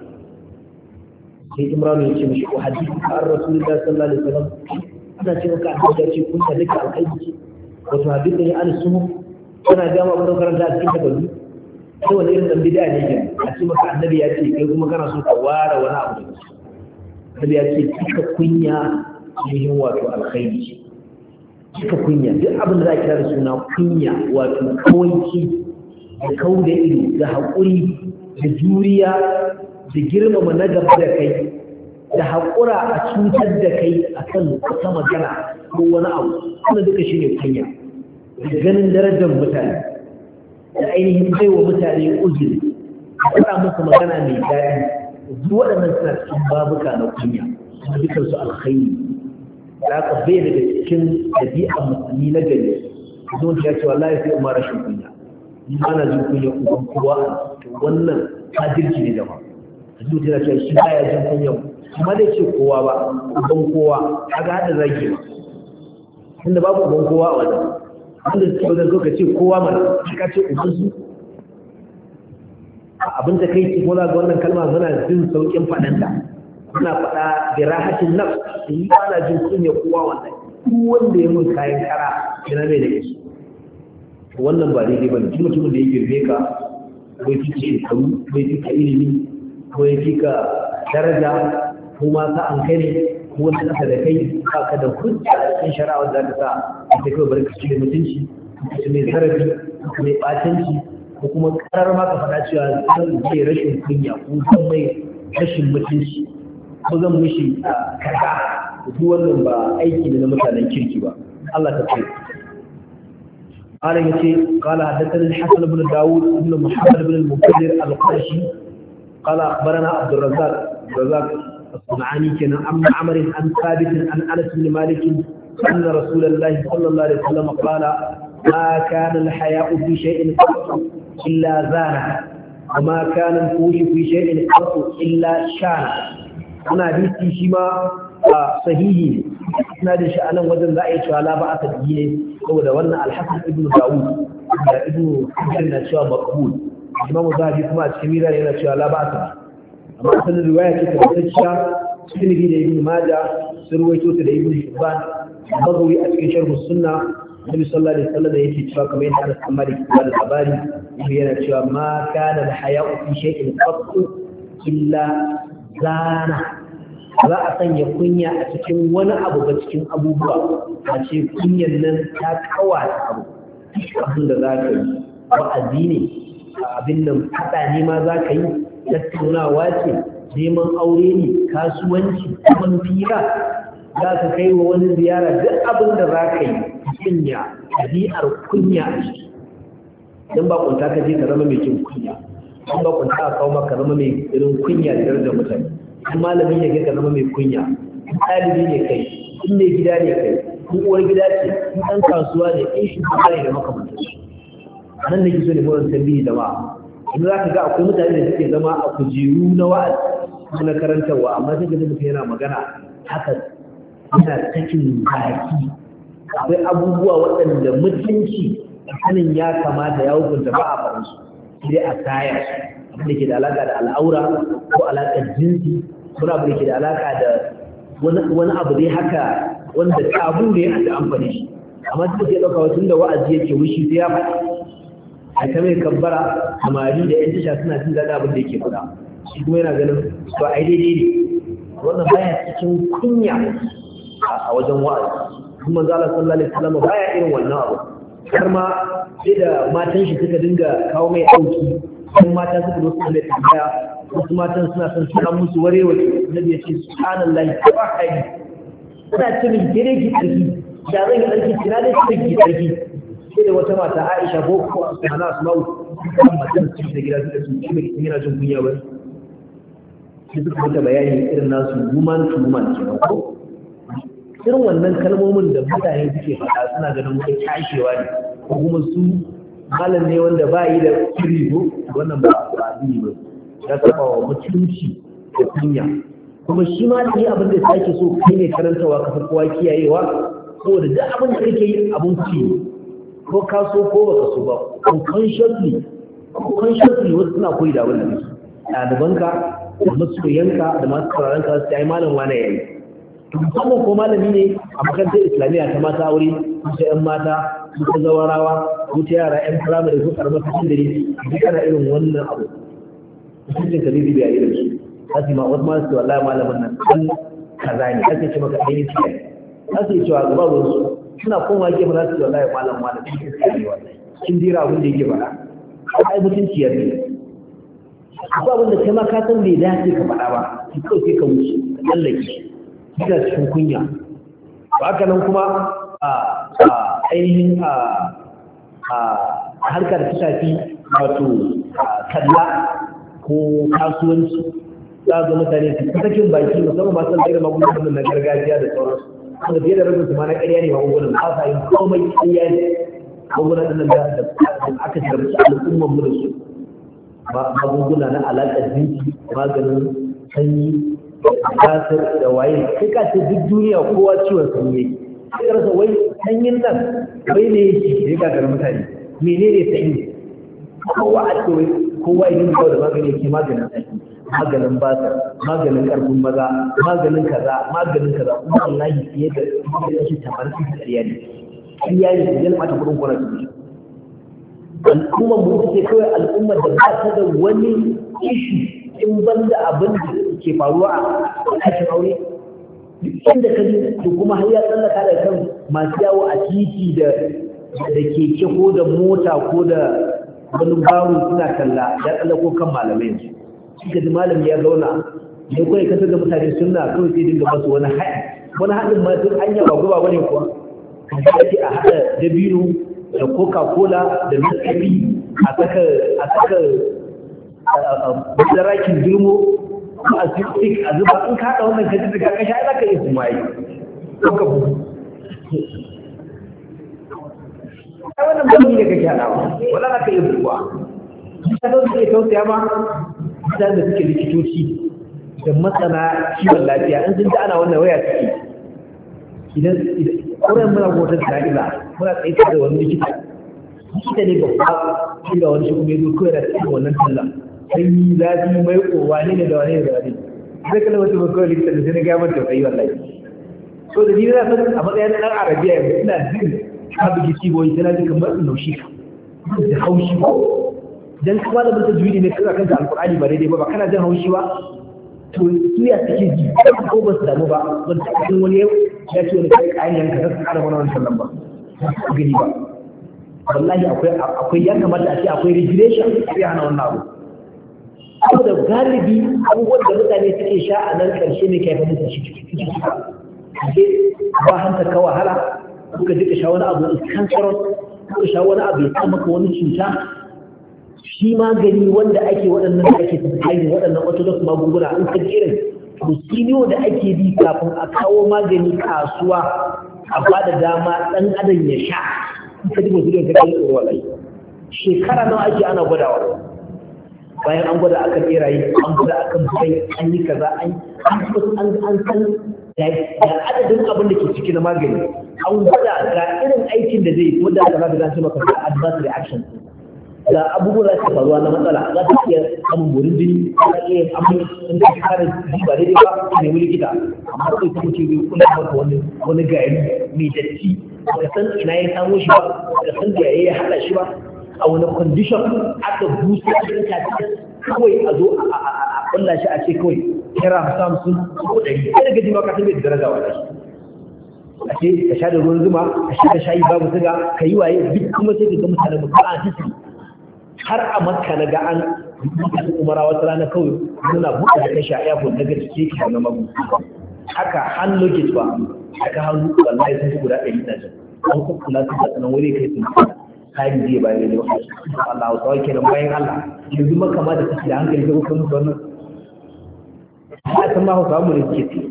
sai imran ya ce mishi ko hadisi an rasulullahi sallallahu alaihi wasallam ana cewa ka hadisi da ce kunya duka ce. wato hadisi ne an sumu tana ga ma gurin karanta a cikin takardu sai wani irin dan da ne ke a ce maka annabi ya ce kai kuma kana so ka ware wani abu da su annabi ya ce duka kunya yin wato ce. duka kunya duk abin da za a kira da suna kunya wato kawai da kau da ido da haƙuri da juriya da girmama na gaba da kai da haƙura a cutar da kai a kan wata magana ko wani abu kuma duka shi ne kunya da ganin darajar mutane da ainihin bai wa mutane uzuri a musu magana mai daɗi duk waɗannan suna cikin babuka na kunya kuma dukansu alkhairi da aka bai daga cikin ɗabi'a musulmi na gari zuwa ya ce wallahi sai umar rashin kunya ni ba na jin kunya kuma kowa to wannan kadirci ne da ba azu tana cewa shi ba ya jin kunya kuma da ce kowa ba uban kowa kaga hada zagi ba tunda babu uban kowa a wajen wanda suke wajen zo ka ce kowa mana ka ce uban su abin da kai ce ko za ga wannan kalma suna jin saukin faɗanta suna faɗa da rahatin nafs in ba na jin kunya kowa wannan duk wanda ya mun kayan kara yana mai da shi wannan ba daidai ba ne duk mutumin da ya girbe ka bai ya fika shekaru bai ya ilimi ko ya daraja ko ma sa an kai ne ko wani ƙasa da kai ka ka da hujja da cikin shari'a wanda za ka sa a ta kawai barka cikin da mutunci ko shi mai zarafi ko mai ɓatanci ko kuma ƙarar ma ka faɗa cewa zan zai rashin kunya ko zan mai rashin mutunci ko zan mishi ah, kaza duk wannan ba aiki ne na mutanen kirki ba Allah ta kai قال يتي قال حدثني الحسن بن داود بن محمد بن المكدر القرشي قال أخبرنا عبد الرزاق الرزاق الصنعاني كان عن عمر عن ثابت عن أنس بن مالك أن رسول الله صلى الله عليه وسلم قال ما كان الحياء في شيء قط إلا زانه وما كان الفوش في شيء قط إلا شانه أنا بيتي شما sahihi ina da shi a nan wajen za a yi cewa la ba aka biye ne saboda wannan alhassan ibnu dawud da ibnu hajar na cewa makbul imamu zahabi kuma a cikin mira yana cewa la ba aka amma asalin riwaya ce tabbatacciya tirmidhi da ibnu maja sun ruwaito ta da ibnu hibban bagawi a cikin sharh sunna Nabi sallallahu alaihi wasallam yake cewa kamar yadda Anas bin Malik ya labari yana cewa ma kana al-haya'u fi shay'in qattu illa zana za a sanya kunya a cikin wani abu ba cikin abubuwa a ce kunyan nan ta kawata abu abin da za ka yi wa'azi ne abin nan faɗa ne ma za ka yi tattaunawa ce neman aure ne kasuwanci kuman fira za ka kai wa wani ziyara duk abin da za ka yi kunya ɗabi'ar kunya a ciki don ba kunta ka je ka zama mai jin kunya don ba kunta kawo maka zama mai irin kunya da darajar mutane in malami ya kai ka zama mai kunya ɗalibi ne kai in ne gida ne kai in uwar gida ce in ɗan kasuwa ne in shi kuma ne da makamantar a nan nake so ne mawar tambayi da ba in za ka ga akwai mutane da suke zama a kujeru na wa'azi na karantarwa amma sai ka ji yana magana haka yana sakin baki akwai abubuwa waɗanda mutunci sanin ya kamata ya hukunta ba a faransu sai a tsaya su abin da ke da alaƙa da al'aura ko alakar jinsi ko abin da ke da alaƙa da wani abu dai haka wanda tabu ne a da amfani shi amma duk ya dauka wasu da wa'azi yake wushi sai ya faɗi a ta mai kabbara samari da yan tasha suna jin daɗin abin da yake kuɗa. shi kuma yana ganin to ai daidai ne wannan baya cikin kunya a wajen wa'azi kuma zala sallallahu alaihi wasallam baya irin wannan abu har ma sai da matan shi suka dinga kawo mai ɗauki. kan mata suka zo suka mai tambaya wasu matan suna son suna musu warewa annabi ya ce subhanallahi ko ba kai suna cin gireki gire ki da zan yi tsarki kina dai su ki tsarki sai da wata mata Aisha ko ko ana asma'u kan matan su da gida suka sun ce kin yana jin kunya ba sai suka mata bayani irin nasu woman to woman kenan ko irin wannan kalmomin da mutane suke faɗa suna ganin wani kashewa ne ko kuma su malam ne wanda ba yi da kiri ko wannan ba a addini ba ya taba wa mutunci da kunya kuma shi ma ne abin da sake so kai ne karantawa ka wa kiyayewa saboda duk abin da kake yi abun ci ko ka so ko ba ka so ba kan shafi wasu suna koyi da abin da kake ɗalibanka da masoyanka da masu sauraronka su yi malam wani yayi musamman ko malami ne a makarantar islamiyya ta mata aure ko 'yan mata mu ta zawarawa mu ta yara yan firamare ko karamar sakandare duk kana irin wannan abu mutuncin ka zai biya irin su za su ma wasu masu wallahi malamin nan kan kaza ne za su ce maka ɗaya ne cikin za su yi cewa gaba wurin su suna koma gefe za su ce wallahi malam malam cikin suka ne wallahi kin jira abin da yake faɗa ai mutunci ya ne akwai abin da kai ma ka san bai dace ka faɗa ba ki kawai sai ka wuce ka tsallake kina cikin kunya ba haka nan kuma a ainihin a harkar ta shafi wato kalla ko kasuwanci za su mutane su sakin baki musamman masu da magungunan na gargajiya da sauransu wanda fiye da rubin su ma na ƙarya ne magungunan ba sa yin komai ƙarya ne magungunan nan da aka shiga al'ummar mu da su magunguna na alaƙar jinki maganin sanyi gasar da waye sai ka ce duk duniya kowa ciwon sanyi sai ka rasa wai sanyin nan bai ne yake ya gagara mutane mene ne sanyi kowa a cewa kowa idan kawai da magani yake maganin sanyi maganin basa maganin karfin maza maganin kaza maganin kaza kuma wallahi fiye da yadda yake tabar su ƙarya ne ƙarya ne su jalma ta kudin kwanar su al'ummar mu ce kawai al'ummar da ba ta da wani ishi in banda abin da ke faruwa a ake aure duk inda ka je to kuma har ya tsallaka da kan masu yawo a titi da da keke ko da mota ko da wani baro suna kalla ya tsallako kan malamai su suka ji malami ya zauna ne kawai kasar da mutane suna kawai sai dinga masu wani haɗi wani haɗin ma duk hanya ba guba bane kuwa kan ake a haɗa dabino da coca-cola da nutsari a saka a saka madarakin durmo Kuma a cikin a zuba in ka haɗa wannan ka jirga ka sha za ka yi kuma yi ka ku ai wannan ba ni da kake haɗawa wala za ka iya zuwa ta zo suke tausaya ma mutane da suke likitoci da masana kiwon lafiya in sun ji ana wannan waya suke idan ƙuran muna gotar jami'a muna tsaye da wani likita likita ne ba babba shi da wani shi kuma ya zo kawai da wannan tallan sanyi zafi mai kowa ne da wane da wane zai kala wata ba kawai likita da sai na gaya mata kai wallahi so da ni na san a matsayin ɗan arabiya yanzu ina jin ka bugi ciboyi tana jin kamar in laushi ka da haushi ba dan kuma da mutum juyi ne kaza kanka alqur'ani ba daidai ba ba kana jin haushi ba to suya take ji ko ba su damu ba ban cikin wani yau ya ce wani kai kayan yanka zaka kara wani wannan sallan ba gani ba wallahi akwai akwai ya kamata a ce akwai regulation sai hana wannan abu saboda galibi abubuwan da mutane suke sha a nan karshe ne kai fahimta shi ke ba hanta ka wahala kuka ji ka sha wani abu cancerous kuka sha wani abu ya sa ka wani cuta shi magani wanda ake waɗannan da ake tsaye waɗannan orthodox magunguna in ka jirin to da ake bi kafin a kawo magani kasuwa a bada dama ɗan adam ya sha ka ji ba su da ka kai tsoro wallahi shekara nawa ake ana gwadawa bayan an gwada akan beraye an gwada akan bai an yi kaza an an an san da adadin abin da ke ciki na magani an gwada ga irin aikin da zai ko da kaza da zai maka ka adverse reaction ga abubuwan da ke faruwa na matsala za ta iya samun burin jini za ta iya amma sun ka kare jini ba daidai ba ka nemi likita amma sai ta wuce zai kuna maka wani wani gari mai datti ka san ina ya samo shi ba ka san da ya haɗa shi ba a wani condition aka busa cikin kafin kawai a zo a kulla shi a ce kawai kira hamsin ko ɗari ɗaya daga jima ka san da daraja wa a ce ka sha da ruwan zuma ka sha da shayi babu suga ka yi waye duk kuma sai ka ga mutane ba a titi har a makka na ga an mutane umara wata rana kawai nuna buɗe da kashi a airport daga cike ki na magu haka hannu luggage ba haka hannu wallahi sun guda ɗari na jan an kukkula su da tsanan wuri kai sun kayan zai ba da yau Allah wa tsawon kenan bayan Allah yanzu maka ma da suke da hankali ta kuka musu wannan a san ma hausawa mu ne suke ce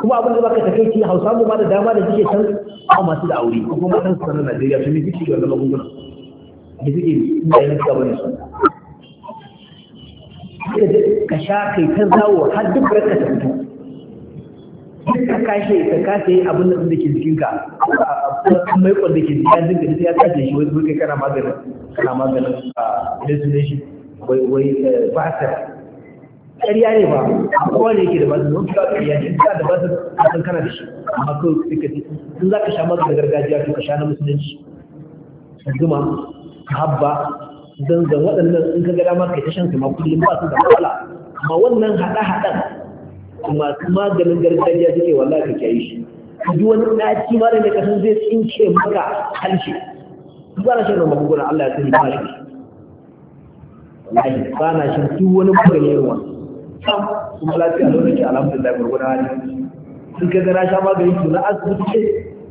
kuma abin da baka tafi ce hausawa mu ma da dama da suke can a masu da aure ko kuma san su sanar Najeriya su ne suke da wannan magunguna da suke da yin suka bane su ka sha kai ta zawo har duk barka ta fito duk ka kashe ka kashe abin da ke jikinka a mai kwan da ke jikin yanzu da ya kashe shi wai kai kana maganin kana maganin a idan shi wai wai basir eh, ƙarya ne ba kowa ne yake da basir wani kawai ƙarya ne ka da basir a san kana da shi amma kawai suka ce in za ka sha maganin gargajiya to ka sha na musulunci zuma habba zanzan waɗannan in ka ga dama kai ta shan su ma kullum ba su da matsala amma wannan haɗa-haɗan masu maganin gargajiya suke wallahi ka kiyaye shi duk wani ɗaci ma da na kasan zai tsince maka harshe ba na shan magungunan Allah ya sani ba shi wallahi ba na shan duk wani maganin ruwa sam kuma lafiya lokaci alhamdulillah gurgurar hali sun ka gara sha maganin su asibiti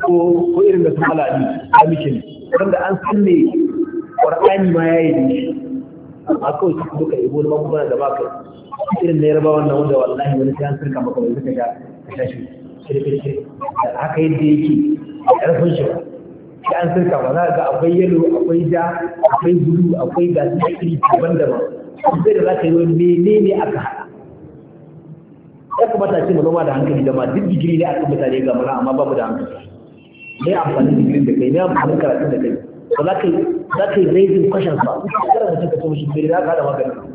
ko ko irin da su alaɗi a mikin wanda an san ne ƙwarƙani ma ya yi ne A kawai su duka ibo na magungunan da ba ka irin da ya raba wannan wanda wallahi wani sai an sirka maka bai suka ga tashi shirfe haka yadda yake ƙarfin shi sai an sirka ba za ga akwai yalo akwai ja akwai gudu akwai gasu da iri daban-daban sai da za ka yi wani ne aka haɗa ya kamata ce mu noma da hankali da ma duk digiri ne akan mutane ga mana amma babu da hankali ne amfanin digirin da kai ne amfani karatun da kai ba za ka yi raising questions ba kuma kara mutum ka so shi bai za ka da maganin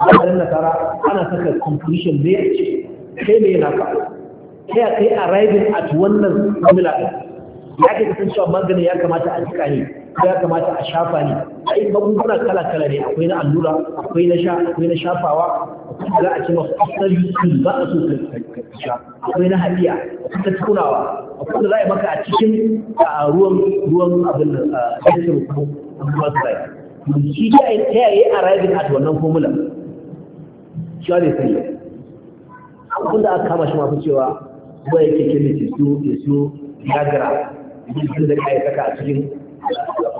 a nasara ana saka completion ne a ce kai ne yana ka sai a kai arriving at wannan formula ya ke kasan cewa maganin ya kamata a jika ne ya kamata a shafa ne ai magunguna kala kala ne akwai na allura akwai na sha akwai na shafawa akwai za a ce masu asali su ba a so ka sha akwai na hadiya akwai ta tunawa akwai da za a yi maka a cikin ruwan ruwan abin da ya ce rukunin masu rai shi ta yayi arriving at wannan formula shi ne sai abin da aka kama shi masu cewa kuma yake kele ce su ke su yagra idan da kai saka a cikin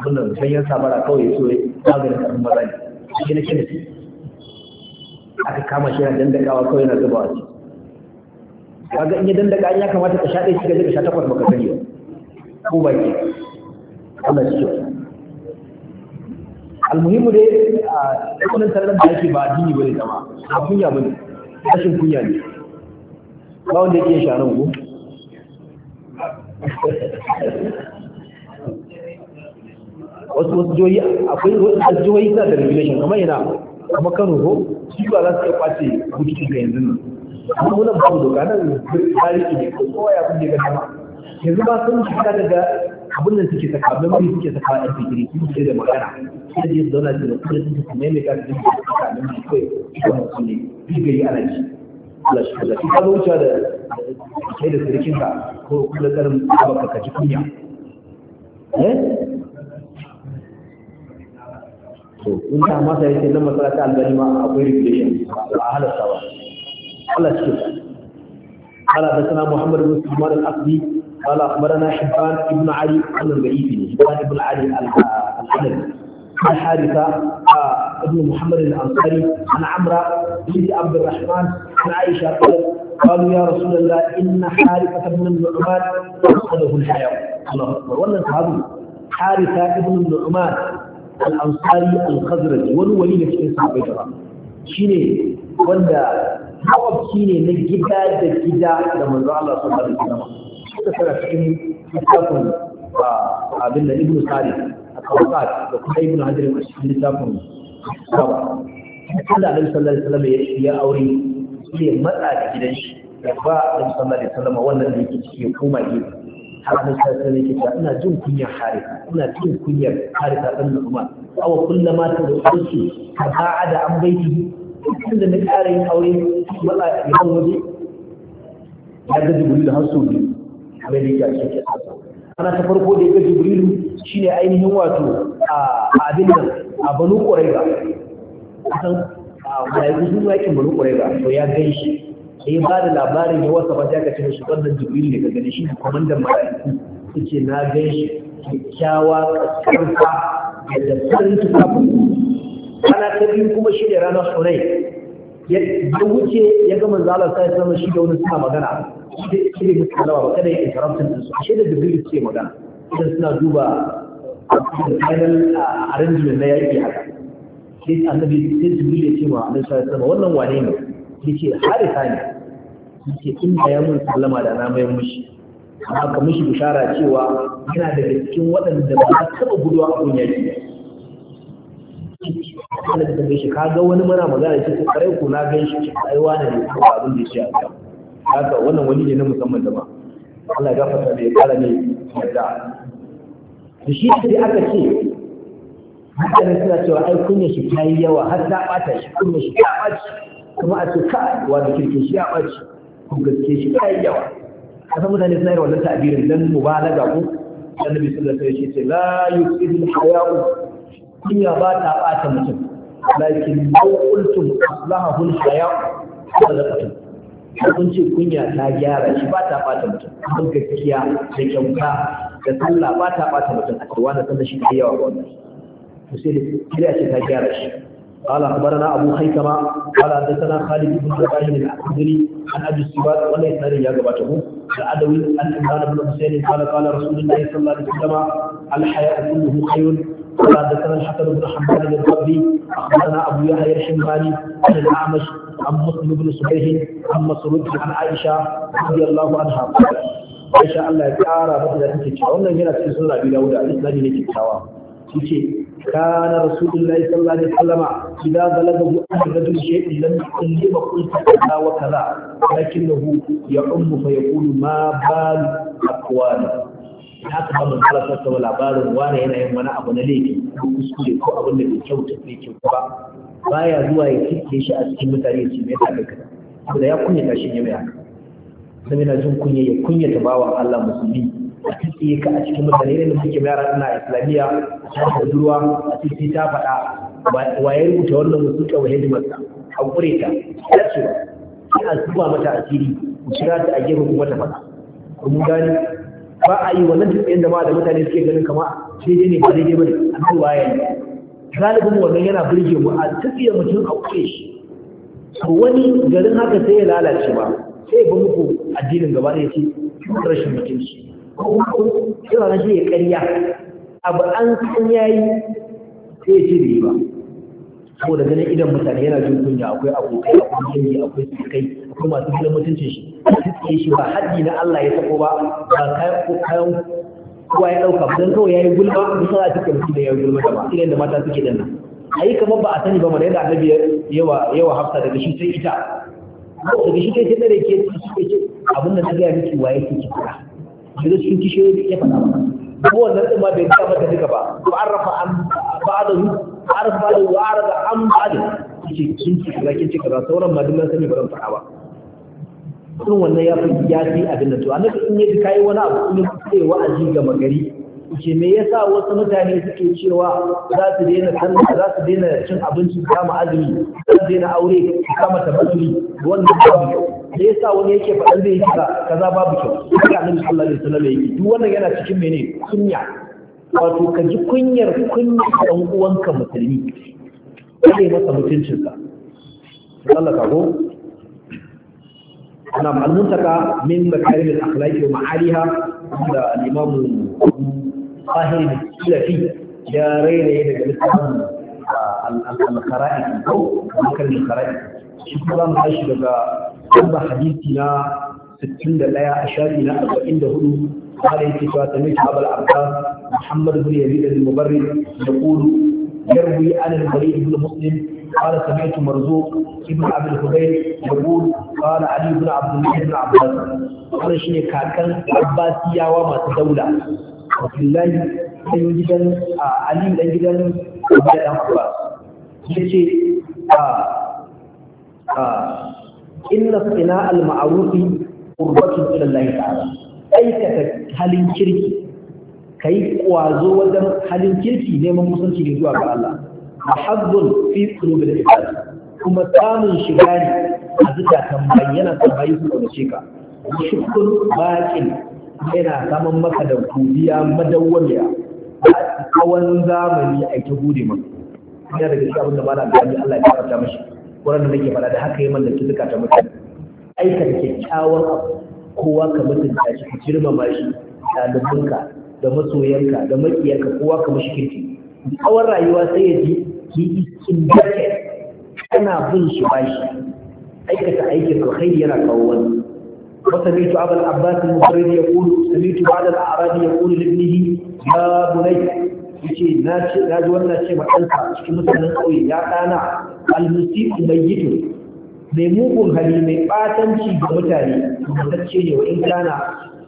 abin nan sanyan sabara kawai so ya magana karin maza ne shi na kele ce aka kama shi na dandakawa kawai na zuba a ciki kaga in ya dandaka an ya kamata ka sha ɗaya shi ka je ka sha takwas baka sani ba ko ba ke Allah shi kyau Almuhimu ne a ɗakunan sallar da ake ba addini bane dama a kunya bane rashin kunya ne ba wanda yake shi a nan ko wasu wasu jihohi akwai wasu jihohi na da regulation Kama yana kamar kano ko shi ba za su iya kwace bukiti ga yanzu nan amma muna babu doka nan tsari ne ko kowa ya kun daga dama yanzu ba sun shiga daga abin da suke saka memory suke saka a fitiri sun ce da magana sai da zauna da kuma sun ce mai mai ka da suka nan shi kai ita mutum ne bi gari ana ji Allah shi kaza ka zo wuce da kai da sirkin ka ko kula karin baka ka ji kunya eh to in ta masa yake nan masala ta albani ma akwai regulation a halatta ba Allah shi kaza قال حدثنا محمد بن al الاصلي قال أخبرنا حبان ابن علي عن الرئيسي حبان ابن علي الحنبي عن حارثة آه، ابن محمد الأنصاري عن عمره بن عبد الرحمن عن عائشة قالت قالوا يا رسول الله إن حارثة بن النعمان أخذه الحياة الله أكبر ولا صحابي حارثة بن النعمان الأنصاري الخزرجي والولي في صحابة جرام شيني ولا حوض شيني نجدا دجدا لمن رأى الله صلى الله عليه وسلم suka tara cikin littafin abin da ibnu sari a kawasat da kuma ibnu hajjirin a cikin littafin saba cikin da alaihi sallallahu alaihi wasallam ya aure shi ne matsa da gidan shi ya ba alaihi sallallahu alaihi wasallam wannan da yake ciki ya koma gefe har alaihi sallallahu alaihi wasallam ina jin kunyar harisa ina jin kunyar harisa ta nu'man aw kullama tad'usu da an baiti da na ƙara yin aure matsa da gidan waje ya ga jibril har sau biyu kamar da yake a cikin ana ta farko da yake jibrilu shine ainihin wato a abin nan a banu qurayza san malaiku sun yakin banu to ya gan shi sai ya bada labarin ya wasa ba yaka cikin ce da wannan jibrilu ne ga gani shi komandan su ce na gan shi kyakkyawa karfa da farin tufafin ana ta biyu kuma shi ne ranar sunai ya wuce ya ga manzo sai sai sama shi da wani suna magana shi ne mutum kalama ba kada ya interruption din su shi da digiri ce magana idan suna duba uh, final uh, arrangement na yaki haka shi annabi sai digiri ya ce ma Allah sai sama wannan wane ne yace harisa ne yace in da ya mun sallama da na mai mushi amma ka mushi bishara cewa yana daga cikin waɗanda ba taɓa guduwa a kun yaki ana da tambaye shi kaga wani mana magana ce karai ko na gan shi ai wani ne ko abin da shi a haka wannan wani ne na musamman da ba Allah ya gafarta da ya kara ne yadda da shi sai aka ce mutane suna cewa ai kunya shi ta yi yawa har ta bata shi kunya shi ta baci kuma a ce ka da kirkin shi ya baci ko gaske shi ta yi yawa kasan mutane suna yi wannan ta'abirin dan mubalaga ko annabi sallallahu alaihi wasallam ya ce la yusidul haya'u kunya ba ta ɓata mutum lakin law qultum aslahahu al-haya sadaqatun kun ce kunya ta gyara shi ba ta ɓata mutum kun gaskiya da kyauta da sallah ba ta ɓata mutum a cikin da sallah shi ta yawa wannan to sai da kira ce ta gyara shi قال اخبرنا ابو خيثمه قال حدثنا خالد بن ابراهيم الاحمدي عن ابي السباط ولا يسري يا غباته العدوي عن عمران بن حسين قال قال رسول الله صلى الله عليه وسلم الحياء كله خير قال حدثنا الحسن بن حماد الضبي اخبرنا ابو يحيى الحماني عن الاعمش عن مسلم بن صبيح عن مسروق عن عائشه رضي الله عنها قالت عائشه الله يقارى مثل انت تشاور هنا في سنه ابي داود الاسلامي اللي تشاور تشي كان رسول الله صلى الله عليه وسلم إذا بلغه أن رجل شيء لم يقل وقلت كذا وكذا لكنه يعم فيقول ما بال أقواله haka ba mun kala sassa labarin wani yana yin wani abu na laifi ko kuskure ko abin da bai kyauta bai kyauta ba baya zuwa ya kike shi a cikin mutane su mai da kada saboda ya kunya shi ya mai haka sai yana jin kunya ya kunya ta bawa Allah musulmi a cikin ka a cikin mutane ne muke yara islamiya islamiyya cikin budurwa a cikin ta faɗa waye rubuta wannan musulka wa hidimarsa hakure ta ya ce ba sai a zuba mata asiri ku kira ta a gefe kuma ta faɗa kuma gani ba a yi wannan tafiyan da ma da mutane suke ganin kama dai ne ba daidai ba ne a nan waye galibin wannan yana burge mu a tafiya mutum a kuke shi to wani garin haka sai ya lalace ba sai ba muku addinin gaba ɗaya ce kuma rashin mutunci ko ko yana na shi ya ƙarya abu an san yayi sai ya ce da yi ba saboda ganin idan mutane yana jin kunya akwai abokai akwai jini akwai sukai ko masu gidan mutuncin shi suke shi ba haddi na Allah ya sako ba ba kayan kowa ya ɗauka ba don kawai ya yi gulma bisa a cikin mutum da ya yi gulma da ba irin da mata suke danna a yi kamar ba a sani ba mana yadda annabi yawa yawa hafsa daga shi sai ita daga shi kai sai dare ke suke ce abin da na gaya miki waye ke ki shi da cikin kishiyoyi ya faɗa ba ko wannan ɗin ma bai gaya mata duka ba ko to an rafa hu, ba'adahu an rafa ba'adahu an rafa an ba'adahu kin ci kaza kin ci kaza sauran ma duk nan sani ba zan faɗa ba sun wannan ya fi ya fi abin da to annabi in yaji kai wani abu in sai wa'azi ga magari ce me yasa wasu mutane suke cewa za su daina sallah za su daina cin abinci kama azumi za su daina aure kama tabassuli wannan babu kyau me yasa wani yake faɗan zai yi kaza babu kyau haka annabi sallallahu alaihi wasallam yake duk wannan yana cikin mene kunya wato ka ji kunyar kunyar ɗan uwanka musulmi kare masa mutuncinsa Allah ka go na al-muntaka min makarim al-akhlaq wa ma'aliha da al-imam Fahir al-Kilafi ya raina ya daga littafin al-Khara'i ko makarim shi daga dabba hadisi na 61 a shafi na 44 قال انتفاع سمعت ابا العباس محمد بن يزيد المبرد يقول يروي عن الوليد بن مسلم قال سمعت مرزوق ابن عبد الخبير يقول قال علي بن عبد الله بن عباس قال شيء كاكن عباسياوا ما دولة وفي الله dan gidan Ali dan gidan Abdul Abbas yace a a inna sina al ma'ruf qurbatu ila Allah ta'ala aikata halin kirki kai kwazo wajen halin kirki neman musulunci ne zuwa ga Allah mahazzun fi qulubil kuma samun shiga ne a zukatan bayyana ta bayi su kaunace ka shukun baƙin yana saman maka da godiya madawwamiya a tsawon zamani a ta gode maka ina daga cikin abin da malam gani Allah ya karanta mashi wurin da nake fara da haka yi mallaki zukata mutane aikata kyakkyawan abu kowa ka mutunta shi ka girmama shi ɗalibinka da masoyanka da maƙiyanka kowa ka mashi kirki tsawon rayuwa sai ya ji ki iskin kana bin shi bashi aikata aikin alkhairi yana kawo wani وسمعت أبا العباس المفرد يقول سمعت بعض الأعراب يقول لابنه يا بني yace na ce na ji wannan ce makanka cikin mutanen ƙauye ya ɗana almusiku mai yito mai mugun hali mai ɓatanci ga mutane matacce ne wa in kana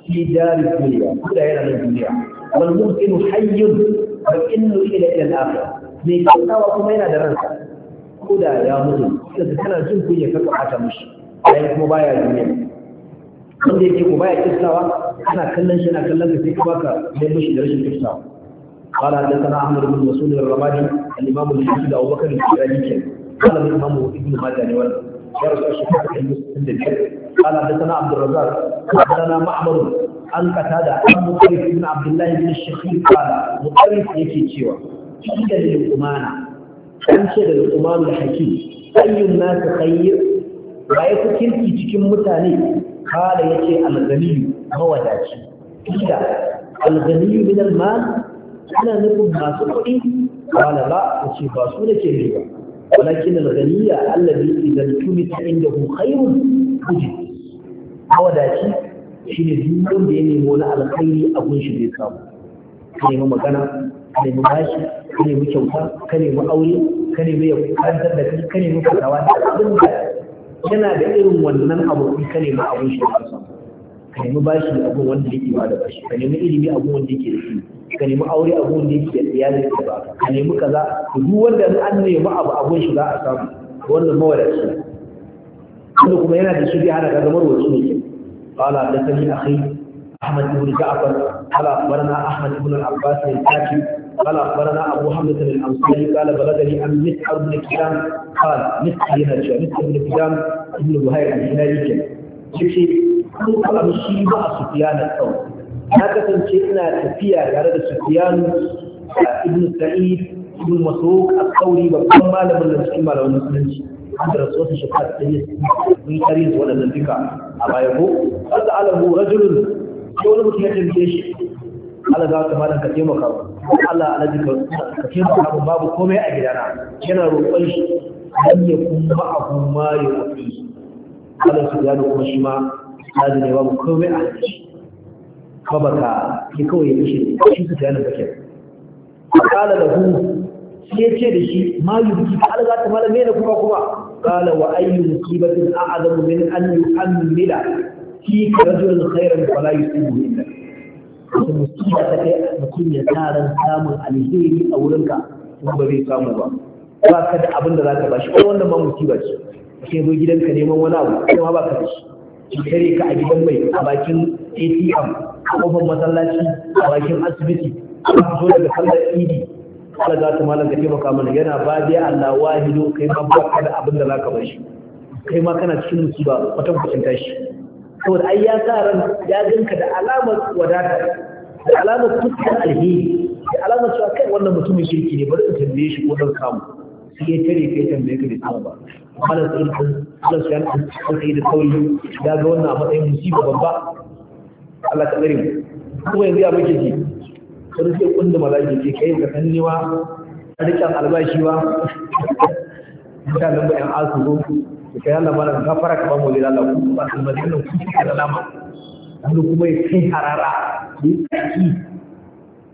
fi dari duniya kuda yana duniya hayyun wa innu ila ila al mai kyautawa kuma yana da ransa Koda ya mutu da tana jin kunya ka kwata mishi bayan kuma baya duniya wanda yake ko ya kyautawa ana kallon shi ana kallon ka sai ka baka mai mishi da rashin kyautawa قال حدثنا احمد بن مسعود الرمادي الامام الحافظ ابو بكر الشيرازي قال الامام ابن ماجه والله درس الشفاعه المسلم قال حدثنا عبد الرزاق حدثنا معمر عن قتاده عن مطرف بن عبد الله بن الشخير قال مطرف يكي تشيوه inda lukumana an ce da lukumanu da hakim ayyun nasu khayyir Wa ya fi cikin mutane kala ya ce alganiyu mawadaci inda alganiyu min almal ana nufin masu kuɗi kala ba ku ce ba su da ke riba walakin alganiya allazi idan tumita indahu khayrun kuji mawadaci shine duk wanda ya nemo na alkhairi a gunshi bai samu nemi magana nemi bashi ka nemi kyauta ka nemi aure ka nemi ya karantar da kai ka nemi fatawa da abin da yana da irin wannan abokin ka nemi abin shi ka nemi bashi abu wanda yake ba da bashi ka nemi ilimi abu wanda yake da shi ka nemi aure abu wanda yake da iyali da ba ka nemi kaza duk wanda an nemi abu abin shi za a samu wannan mawadaci wanda kuma yana da shirya hana gagamar wasu ne ke qala da sani akhi ahmad ibn ja'far qala akhbarana ahmad ibn al-abbas al-kaki قال أخبرنا أبو حمد الأنصاري قال بلغني أن مسعر بن كلام قال مسعر ينجى مسعر بن كلام ابن بهير الهلالي كان شيء كنت أبو مع سفيان الثوري هكذا شئنا تفيا يرد سفيان آه، ابن سعيد ابن مسروق الثوري وكم ما لم نسكي ما لم نسكي عند رسول الله شفاعة سيد من قريز ولا ذنبك أبا يقول فسأله رجل يقول لك يا كيف Allah za ka malam ka taimaka mu Allah alaji ka taimaka mu babu komai a gidana yana roƙon shi dan ya kuma abu ma ya kuɗi Allah su gano kuma shi ma alaji ne babu komai a shi ka ke kawai ya kashe shi su gano kake kala da hu sai ya ce da shi ma yi biki Allah za ta malam ne kuma kuma kala wa ayyu musibatin a'azamu min an yu'ammila fi rajulin khairan fala yusibu illa wata musiba ta kai mutum ya taron samun alheri a wurinka kuma ba zai samu ba ba ka da abin da za ka bashi Kuma wannan ma musiba ce ke zo gidanka neman wani abu Kuma ba ka da shi ki tare ka a gidan mai a bakin ATM a kofar masallaci a bakin asibiti a zo daga sallar idi Allah za ta malam ka taimaka mana yana ba dai Allah wahido kai ma ba ka da abin da za ka bashi kai ma kana cikin musiba wata kwacin tashi saboda da ya sa ran ya ganka da alamar wadata da alamar fuskar alheri da alamar cewa kai wannan mutumin shirki ne bari in tambaye shi ko dan kamu sai ya tare kai tambaye ka da kamu ba malam sai da Allah sai da sai da kauli da ga wannan a matsayin musiba babba Allah ta tsare mu kuma yanzu ya muke ji sai sai kundu malaki ke kai ka san ka a rikan albashi ba mutanen bayan asu kai Allah malam ka fara ka ba mu da Allah kuma ba kuma madina ku ka da lama dan kuma ya kai harara ku kai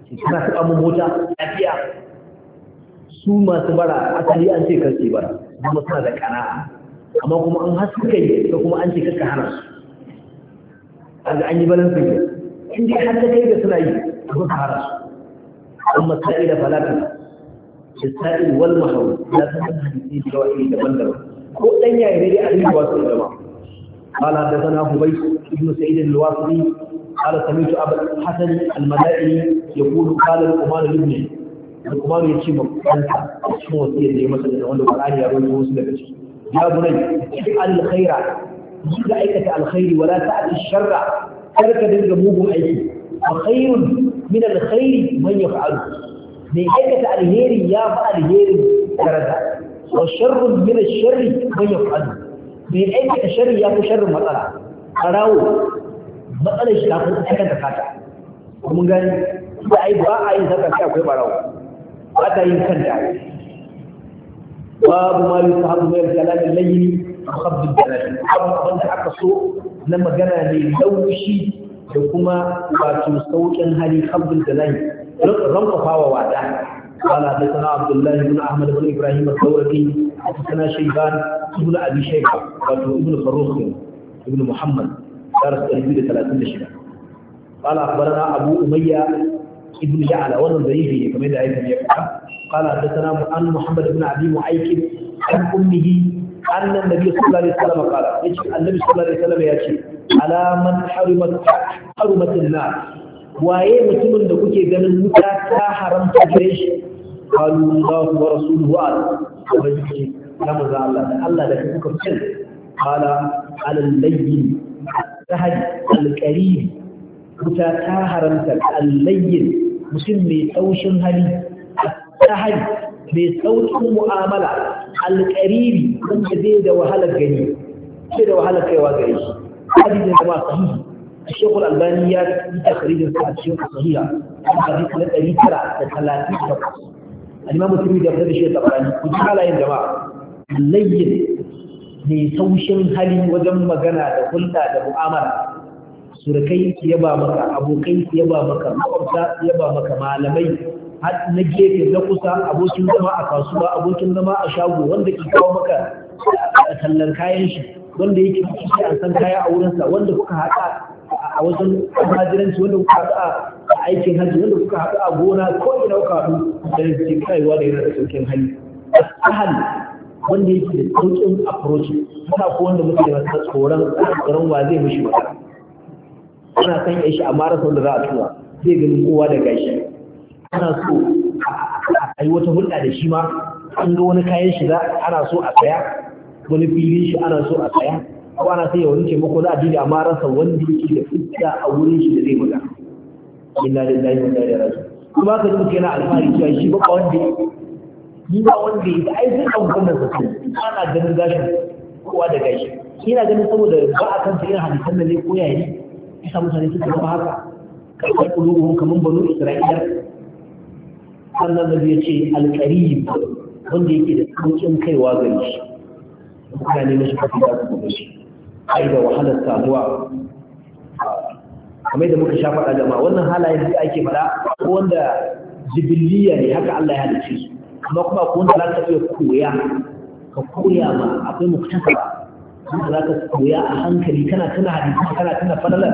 shi kana ta mu mota lafiya su masu bara asali an ce kace bara kuma suna da kana amma kuma an haske kai ko kuma an ce ka hana su ga an yi balansu ne in dai har ta kai da suna yi ko ka hana su amma sai da falaka sai wal mahawu da ta hadisi da wa'idi daban-daban ko dan yayi ne dai a rinka wasu jama'a قال حدثنا حبيب بن سعيد الواسطي قال سمعت ابا الحسن الملائي يقول قال لقمان لابنه لقمان يجي مكانك شو وصيه دي مثلا wanda Qur'ani ya rawaito wasu daga ciki ya bunai al khaira da aikata al khairi wala ta'ti sharra kar ka dinga mugun aiki fa khairun min al khairi man yaf'alu ne aikata alheri ya fa al'herin karanta wa sharrun min sharri man yaf'alu aiki aikata sharri ya fi sharrin matsala karawo matsalar shi kafin aikata kata mun gani da ai ba a yin zakar akwai barawo ba ta yin kanta babu ma yusahabu min al-kalam al-layyin khabd al-jalal abu wanda aka so na magana ne laushi da kuma wato saukin hali khabd al-jalal ka fawa wada قال حدثنا عبد الله بن احمد بن ابراهيم الثوري حدثنا شيبان ابن ابي شيبه قال ابن فروخ ابن محمد دار شيبه قال اخبرنا ابو اميه ابن جعل ومن ضعيفه كما يدعي ابن قال حدثنا عن محمد بن عبد المعيكب عن امه أن النبي صلى الله عليه وسلم قال النبي صلى الله عليه وسلم يأتي على من حرمت حرمت النار waye mutumin da kuke ganin wuta ta haramta gare shi قالوا الله ورسوله أعلم وبجي نبغى الله الله لك فكر سن قال على اللين سهج القريب متاهر انت اللين مسلمي توشن هلي سهج mai sauƙin mu'amala alƙaribi wanda zai da wahalar gani ke da wahalar kaiwa gare shi hadisi da masu yi a shekul albani ya yi takaribin sa a cikin asahiya a hadisi na ɗari tara da talatin da kusa al-imam tirmidhi da fada shi da barani ku ji halayen jama'a layyin mai taushin hali wajen magana da hulɗa da mu'amala surukai ya ba maka abokai ya ba maka makwabta ya ba maka malamai har na gefe na kusa abokin zama a kasuwa abokin zama a shago wanda ke kawo maka tallan kayan shi wanda yake kusa a san kaya a wurinsa wanda kuka haɗa a wajen majiranci wanda kuka haɗa a aikin hajji wanda kuka haɗu a gona ko ina kuka haɗu da yake kaiwa da yana da saukin hali asahal wanda yake da saukin approach haka ko wanda muke da masa tsoron tsoron wa zai mishi ba ana san yashi shi a mara da za a tura zai gani kowa da gashi ana so a yi wata hulɗa da shi ma an ga wani kayan shi za ana so a saya wani filin shi ana so a saya ko ana sai ya wani taimako na addini amma rasa wanda yake da fita a wurin shi da zai magana inna lillahi wa inna ilaihi raji'un kuma ka muke yana alfahari cewa shi ba wanda ya yi ba wanda ya ai sun ɗan gwamnan sa ana ganin gashin kowa da gashi ina ganin saboda ba a kan kanta irin hadisan da ne ko yayi isa mutane suka zama haka karɓar ƙulubuhun kamar banu isra'ila sannan da ya ce alƙarib wanda yake da sauƙin kaiwa gari shi mutane na shi kafin da su gaba shi ai da wahalar saduwa kamar da muka sha faɗa jama'a wannan halayen da ake fara ko wanda jibiliya ne haka Allah ya halice su amma kuma ko wanda za ka iya koya ka koya ma akwai muktasaba wanda za ka koya a hankali kana tana hadisi kana tana fadalar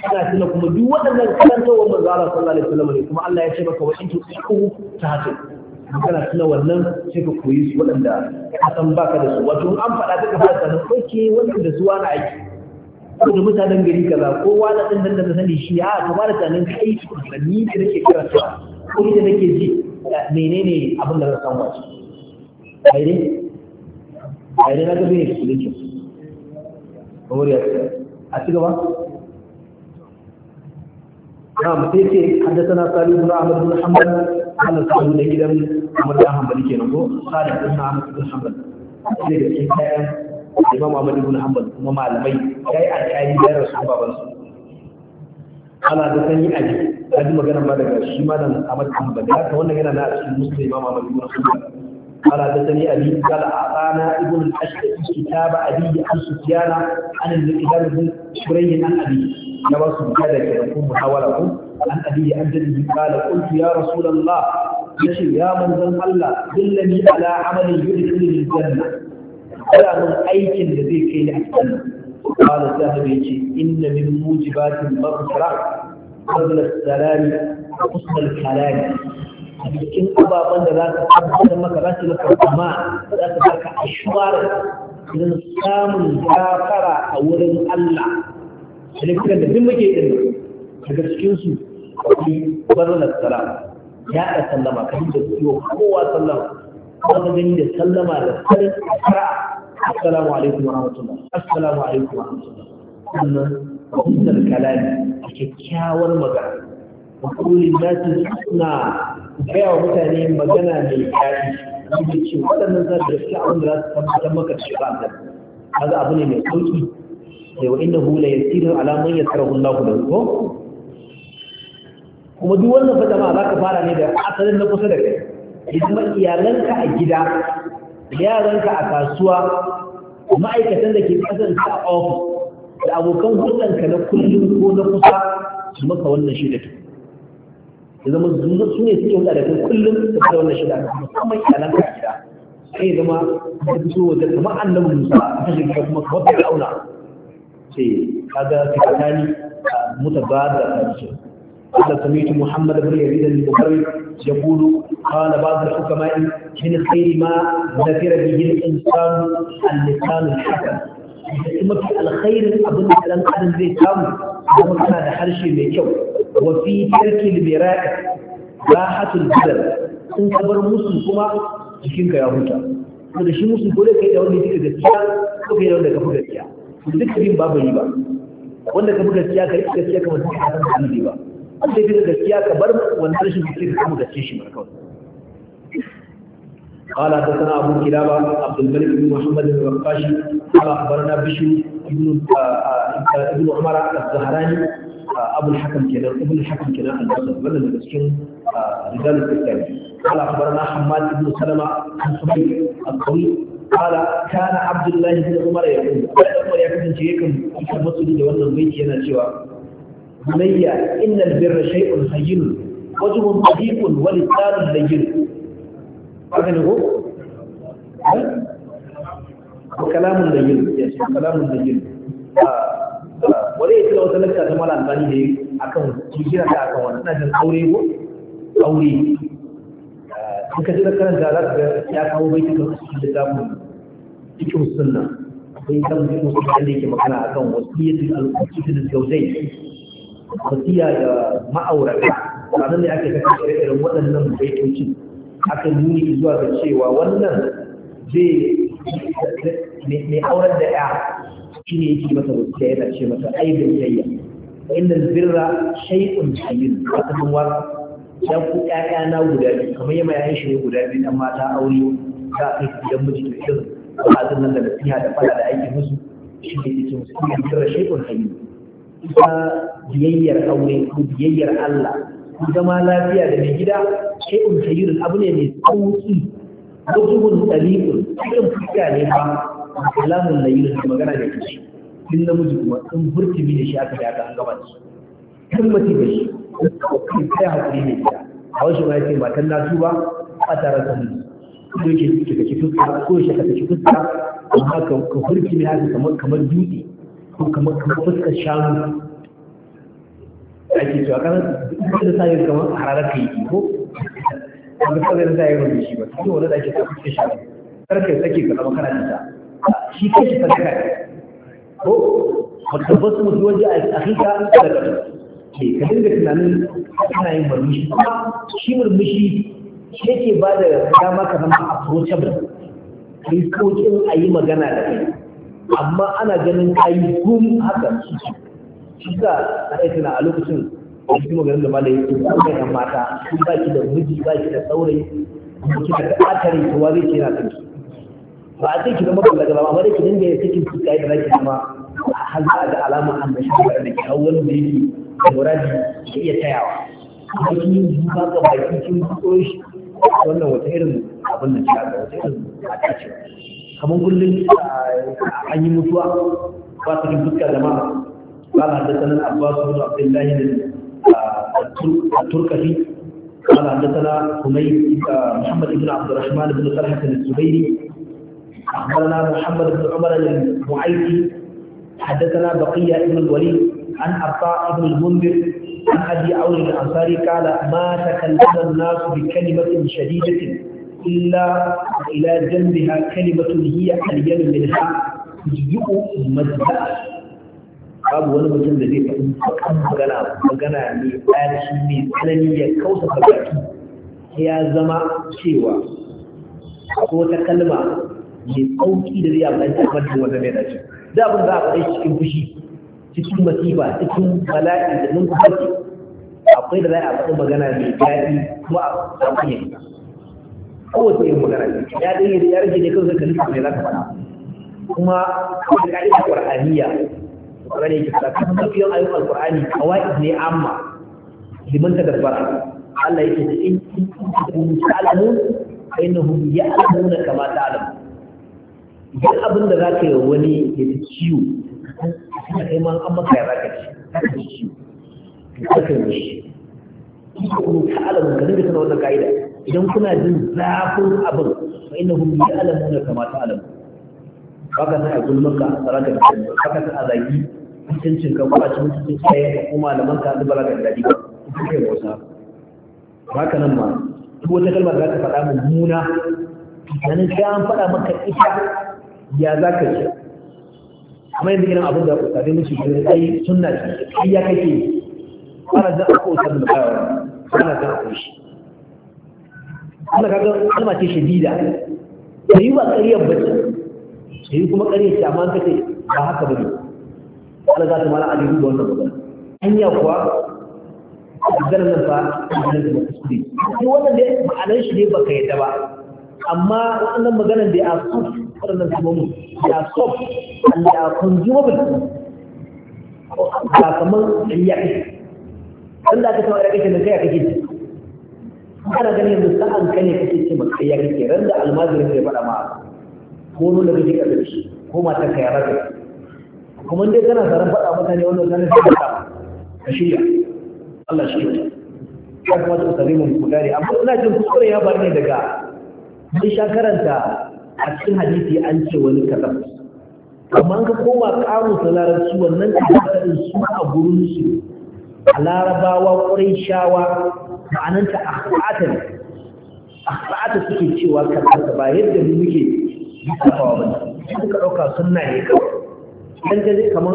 kana tana kuma duk waɗannan karantawar manzo Allah sallallahu alaihi wasallam ne kuma Allah ya ce maka wa in tuqiqu tahatu kana tuna wannan sai ka koyi su waɗanda ka san baka da su wato an faɗa duka fara sanin oke wannan da zuwa na aiki ko da mutanen gari kaza kowa da ɗan nan da sani shi ya ah, to ba da tunanin kai da ni da nake karanta ko da nake ji menene abin da zan wace kai dai kai dai na ga bai su dinki kamar ya a ci gaba نعم سيكي حدثنا صالح بن احمد بن حنبل عن صالح بن جدل عمر بن حنبل كينو صالح بن احمد بن حنبل سيكي imam Ahmad ibn Hanbal kuma malamai yayi alƙali da rasu baban su ana da sanyi a ji kaji magana ba daga shi malam Ahmad Hanbal da haka wannan yana na cikin musulmi imam Ahmad ibn Hanbal An حدثني ابي قال اعطانا ابن الاشعث كتاب ابي عن سفيان عن الكتاب بن شريح عن ابي نبص بكذا كلكم محاولكم عن ابي عن جده قال قلت يا ya الله يا من ذن الله دلني على عمل يدخلني الجنه kada mun aikin da zai kai ni a aljanna qala sahabi yace inna min muji mujibatil maghfira fadl as-salam husn al A cikin ababen da za ka tabbatar maka za su maka kuma za su baka ashwar don samun gafara a wurin Allah da dukkan da duk muke din daga cikin su akwai fadl as ya da sallama kan da ciwo kowa sallama wanda gani da sallama da farin fara assalamu alaikum wa rahmatullah assalamu alaikum wa rahmatullah sannan husnul kalami a kyakkyawar magana wa kulli nasi husna gaya wa mutane magana mai daɗi wanda ce waɗannan za su gaskiya abin da za su tabbatar maka da shiga Allah kaga abu ne mai sauki sai wa innahu la yasiru ala man yasarahu Allah da kuma duk wannan fa zaka fara ne da asalin na kusa da kai iyalanka a gida yaranka a kasuwa ma'aikatan da ke kasan ka a ofis da abokan hulɗanka na kullum ko na kusa su maka wannan shida ta ya zama zuwa su ne suke hulɗa da kai kullum su fara wannan shida ta musamman iyalanka a gida sai ya zama ta fi so wajen kamar annabi musa ta shiga kuma kamar fir'auna sai kaga tsakani mutabada ta ce قال سمعت محمد بن يزيد البخاري يقول قال بعض الحكماء من خير ما ذكر به الانسان اللسان الحسن mafi alkhairin abin da ɗan adam zai samu kuma kana da harshe mai kyau wa fi tarkil mira'i rahatul badal in ka bar musu kuma jikinka ya huta to da shi musu ko da kai da wanda yake gaskiya ko kai wanda ka fi gaskiya duk babu ba wanda ka fi kai ba قال حدثنا ابو كلابه عبد الملك بن محمد بن الرقاشي قال اخبرنا بشو ابن ابن عمر الزهراني ابو الحكم كده ابن الحكم كده من المسكين رجال الإسلام قال اخبرنا حماد بن سلمه عن صبي الطويل قال كان عبد الله بن عمر يقول يقول يا كنت يكن في المسجد ده wannan baiti بني إن البر شيء هين وجه طريق ولسان لين أغنيه وكلام لين يا شيخ كلام لين وليس لو تلقى جمال الباني دي أكون تجينا أكون أنا جن أوريه أوري in ka ji da karan da zaka ya kawo baiti da su da zamu cikin sunna akwai zamu cikin sunna da yake magana akan wasiyatul al wasiya da ma'aurata ba ne ake kasa irin waɗannan baitocin aka nuni zuwa ga cewa wannan zai mai auren da ya shi ne yake masa wasiya yana ce mata aibin yayya inda birra shay'un tayyib wata mun waka ya ku ƴaƴa na guda biyu kamar yamma yayin shi ne guda biyu dan mata aure za a kai su gidan miji to irin wa'azin nan da nasiha da fada da aikin musu shi ne yake musu birra shay'un tayyib ita biyayyar aure ko biyayyar Allah ko zama lafiya da mai gida sai un sayyirin abu ne mai sauki wajibun dalilun cikin fuska ne ba alamun layyun da magana da kici in namiji kuma in burtumi da shi aka da aka an gaba shi kan mace da shi kai kai hakuri ne gida a wasu ma yace matan nasu ba a tare da mu ko yake kika ci fuska ko yake kika ci fuska amma ka hurki haka kamar kamar dutse ko kamar fuskar shanu ake cewa kan da sa kamar hararar ka yi ko wanda kawai da sa yin shi ba su wanda da ake sa fuskar shanu kai sake ka zama kana nisa shi kai shi sadaka ko wata basu mutu wajen a hika sadaka ke ka dinga tunanin ana yin murmushi kuma shi murmushi shi yake ba da dama ka zama approachable kai ko kin a yi magana da kai amma ana ganin kayi gum haka shi sa a ɗaya a lokacin da shi maganin da ba da kuma yan mata su ba ki da miji ba ki da saurayi ki da ƙatare ki wa zai ke yana kanki ba a sai ki zama kan gaba ba amma dai ki dinga ya cikin ki kai da zaki zama har za da alama an da da ke hawan da yake da muradi ke iya tayawa amma ki yi ka ga baki kin ko shi wannan wata irin abin da ke da wata irin a tacewa kamar kullum ah, an yi mutuwa ba su fuska jama'a قال حدثنا عباس بن عبد الله التركي قال حدثنا حميد محمد بن عبد الرحمن بن طلحه الزبيري اخبرنا محمد بن عمر المعيدي حدثنا بقيه بن الوليد عن عطاء بن المنذر عن ابي عون الانصاري قال ما تكلم الناس بكلمه شديده إلا إلى جنبها كلمة هي أليم منها تجيء مزدا babu wani mutum da zai faɗi bakan magana magana mai tsarki mai tsanani ya kausa baki ya zama cewa ko wata kalma mai tsauki da zai amfani da wannan wanda mai dace da abin za a faɗi cikin fushi cikin masifa cikin bala'i da nunkufarki akwai da za a faɗi magana mai daɗi kuma a samu yanka kowace yin magana ya ɗaya ya rage ne kawai ka nufa mai za ka faɗa kuma kawai ka'ida ƙwar'aniya kuma ne ke faɗa kan mafiyan ayyukan alƙur'ani kawai ne amma liman ta dabbara Allah yake da in kun ta'lamu fa innahum ya'lamuna kama ta'lamu idan abin da zaka yi wani ya ci ciwo kuma kai ma an maka yara zaka ci zaka ci ciwo to kai ne shi ko ta'lamu ka dinga wannan ka'ida idan kuna jin zafin abin fa innahum ya'lamuna kama ta'lamu baka sai a gulmanka a tsara ka baka sai a zagi mutuncin ka ko a cikin mutuncin sai ka ko malaman ka da balaga da dadi ba kai wasa baka nan ma duk wata kalmar da ka faɗa mummuna ganin sai an faɗa maka ita ya za ka ce Kuma yanzu irin abin da kusurin musu da ai sunna ce ai ya kake ana za a ko sabon da bayawa ana za a ko shi Allah kaga kalma ce shadida sai ba ƙaryar bace sai kuma ƙaryar ce amma kace ba haka bane Allah za ta mala a duba wannan magana hanya kuwa maganar nan fa maganar da kuskure sai wannan dai ma'anar shi ne baka yadda ba amma wannan maganar da ya so wannan kuma mu ya so and ya consumable ba kamar ƙarya kake da aka tawo ya kake nan kai kake kana ganin yanzu sa'an ka ne kake ce maka ya kake ran da almajirin zai faɗa ma ko nuna kake ka da shi ko mata ka ya raga kuma dai kana tsaron faɗa mutane wannan zanen sai ka ka shirya Allah shi ne ya kuma ku tsare mun ku gane amma ina jin kuskure ya bar ne daga mun sha karanta a cikin hadisi an ce wani kaza amma ka koma karu ta larabci wannan kaza din su a gurin su a larabawa ƙurai shawa ma'ananta akhla'ata ne akhla'ata suke cewa kalmarsa ba yadda mu muke kafawa ba ne suka ɗauka sunna ne kawai dan gane kamar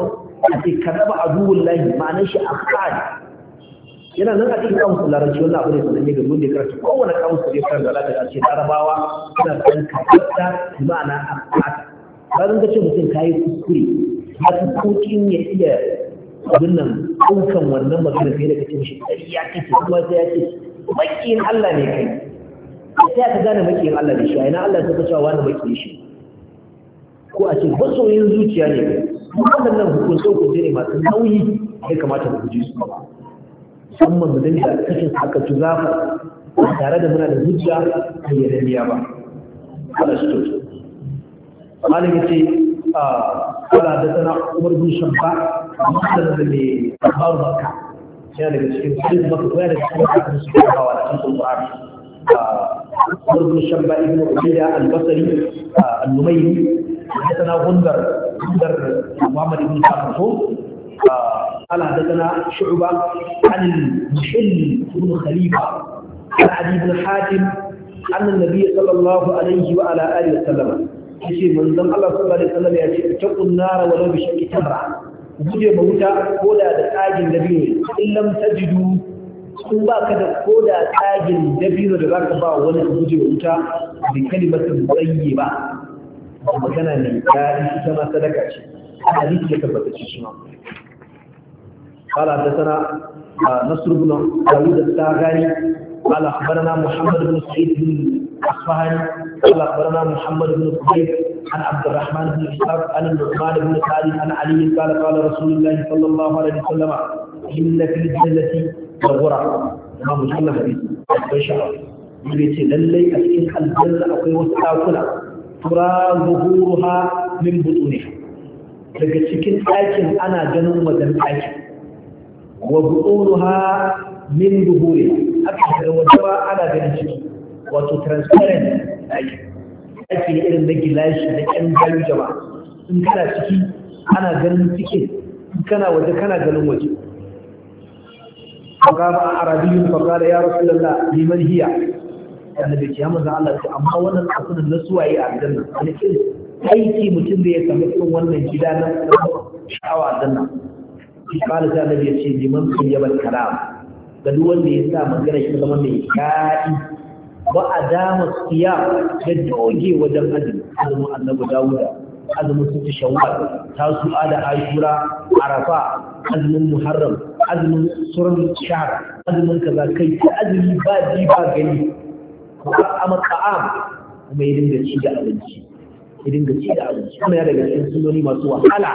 a ce kadaba aduwul lahi ma'anar shi akhla'ata yana nan a cikin kamusu larabci wannan abu ne sanan ne domin da karanta kowane kamusu ne karanta alaƙa da ce larabawa suna san kafarta ma'ana akhla'ata bayan ka ce mutum ka yi kuskure a cikin ya iya abin nan ɗaukan wannan magana sai da kake mishi ƙarya kake kuma sai ya ce makiyin Allah ne kai sai ka gane makiyin Allah ne shi a ina Allah ka cewa wani makiyin shi ko a ce yin zuciya ne kai waɗannan hukunce hukunce ne masu nauyi ya kamata mu guji su ba musamman mu dinga kashin haka su za ba tare da muna da hujja bayyana ba Allah shi to malam ce قال حدثنا عمر بن مسلم بن بأخبار مكة كان في في مكة وارد مكة في حوالي في القرآن عمر بن شبع بن عبيدة البصري آه، النميري حدثنا غندر غندر محمد بن شاكر آه، قال حدثنا شعبة عن المحل بن خليفة عن علي بن حاتم أن النبي صلى الله عليه وعلى آله وسلم yace manzon Allah sallallahu alaihi wasallam ya ce taqun nara wa law bi shakki tamra guje ma wuta ko da da biyu. dabino in lam tajidu kun ba ka da ko da tsagin dabino da zaka ba wani ka guje wuta bi kalimatin tayyiba magana ne daɗi shi ma sadaka ce hadisi ya tabbata ce shi ma قال حدثنا نصر بن داوود الساغاني قال أخبرنا محمد بن سعيد بن أصفهاني قال أخبرنا محمد بن قبيب عن عبد الرحمن بن إسحاق عن النعمان بن سعد عن علي قال قال رسول الله صلى الله عليه وسلم إن في الجنة لغرة إمام مسلم حديث أبو شعر يبيتي للي أسكن الجنة أقوي وسعى ترى ظهورها من بطونها daga cikin ɗakin ana ganin wajen ɗakin wa buɗonuha min duhuri haka da wata ba ana ganin ciki wato transparent ɗaki ɗaki ne irin da gilashi da ƴan ganin jama'a in kana ciki ana ganin cikin in kana waje kana ganin waje فقام أعرابي فقال ya rasu lalla لمن هي annabi ya Hamza Allah ce amma wannan akunan na suwaye a gidan nan wani irin aiki mutum da ya samu irin wannan gida na sha'awa a nan shi kala ta annabi ya ce liman tayyibat kalam ga wanda ya sa magana shi zama mai daɗi ba a dama siya da doge wajen azumi azumin annabi dawuda azumin sun shawwal tasu'a da ashura arafa azumin muharram azumin surun shahar azumin kaza kai ta azumi ba ji ba gani ko amma ta'am kuma ya dinga ci da abinci ya dinga ci da abinci kuma ya daga cikin sunoni masu wahala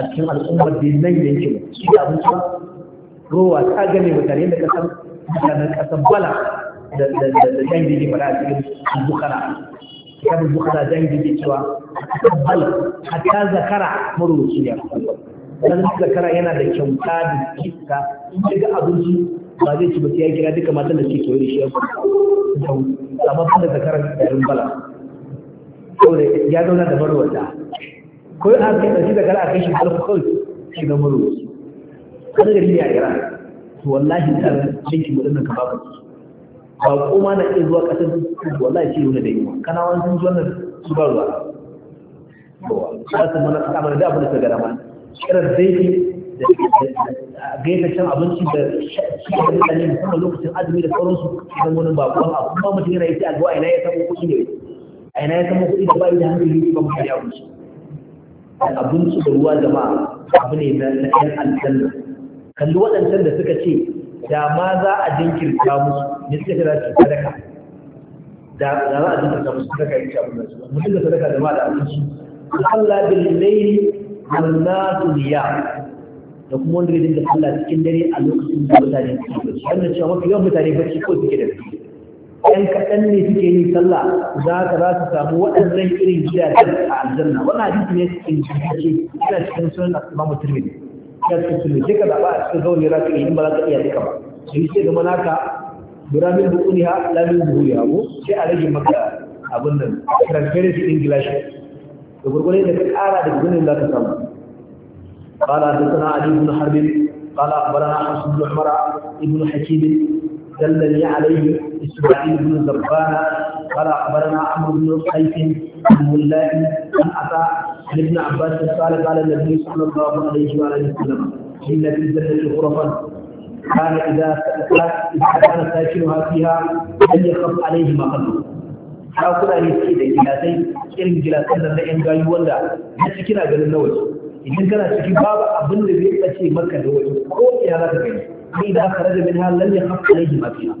a cikin al'ummar da nan yankin ci da abinci ba rowa ta game mutane da kasan mutanen kasan bala da dangi ne fara cikin bukara kitabun bukara dangi ne cewa kasan bala hatta zakara marubuci ne dan zakara yana da kyauta da kiska in daga abinci ba zai ci ba sai ya kira duka matan da suke kewaye da shi ya kuma amma ban da zakaran garin bala saboda ya zauna da marwata ko a kai ɗauki zakara a kai shi alkohol shi ga marubuci wani gari ne a iran to wallahi ta aikin waɗannan ka babu ba kuma na iya zuwa ƙasar su wallahi ce wani da yiwa kanawan sun zuwa nan su ba ruwa za su mana kama da abin da ta gara ma kirar daidai da gaisa can abinci da cikin mutane musamman lokacin azumi da sauransu idan wani bakon abu kuma mutum yana yi sai a zuwa ina ya samu kuɗi ne a ina ya samu kuɗi da ba da hankali ba mu kariya abinci abinci da ruwa da ma abu ne na ɗan aljanna kalli waɗancan da suka ce da ma za a jinkirta musu ne suka za su sadaka da za a jinkirta musu sadaka yin shafi nasu mutum da sadaka da ma da abinci Allah bil laili wal nasu niya da kuma wanda ya da Allah cikin dare a lokacin da mutane suke bacci wannan cewa mafi yawan mutane bacci ko suke da bacci ɗan kaɗan ne suke yin sallah za ka za su samu waɗannan irin gidajen a aljanna wannan hadisi ne cikin jirgin ina cikin sunan asma mutum ne ya ce su ka zaɓa a cikin zaune za ka iya ba za ka iya duka ba shi ce zama naka buramin bukuniya lamin buhuriya ko sai a rage maka abin nan transparency in gilashi da gurgurai da ka ƙara da gudun za ka samu قال حدثنا علي بن حرب قال اخبرنا حفص بن عمر ابن حكيم دلني عليه اسماعيل بن زبان قال أخبرنا عمرو بن قيس عن ملاء عن عطاء عن ابن عباس قال قال النبي صلى الله عليه وآله وسلم إن في الجنة غرفا كان إذا كان ساكنها فيها لم يخف عليه مقام ɗakuna ne suke da gilasai irin gilasan da na ‘yan gayu wanda na ciki na ganin na waje idan kana ciki babu abin da zai tsace maka da waje ko ina za ka gani sai da aka rage min halar ya hafa alaihi mafiya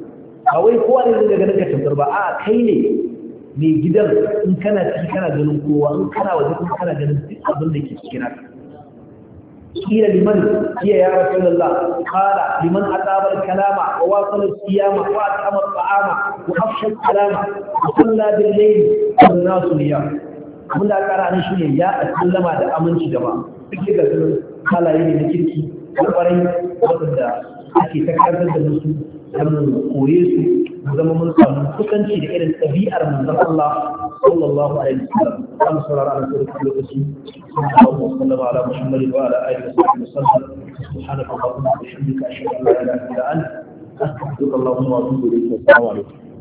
ba wai kowa ne zai ganin ka tambar ba a kai ne mai gidan in kana ci kana ganin kowa in kana waje kuma kana ganin duk abin da ke cikin haka kila liman kiya ya rasulullah qala liman ataba kalama wa wasala al-siyama wa atama taama wa afsha kalama wa salla bil-layl wa nasu niyam Mun da kara ne shine ya sallama da aminci gaba duk da sunan halaye ne na kirki da kwarai wanda ake ta da musu dan mu koye su mu zama mun samu kusanci da irin ɗabi'ar manzon Allah sallallahu alaihi wasallam kan saurara a cikin lokaci sallallahu alaihi wa ala muhammad wa ala alihi wa sahbihi sallam subhanaka allahumma wa bihamdika ashhadu an la ilaha illa anta astaghfiruka wa atubu ilayk assalamu alaikum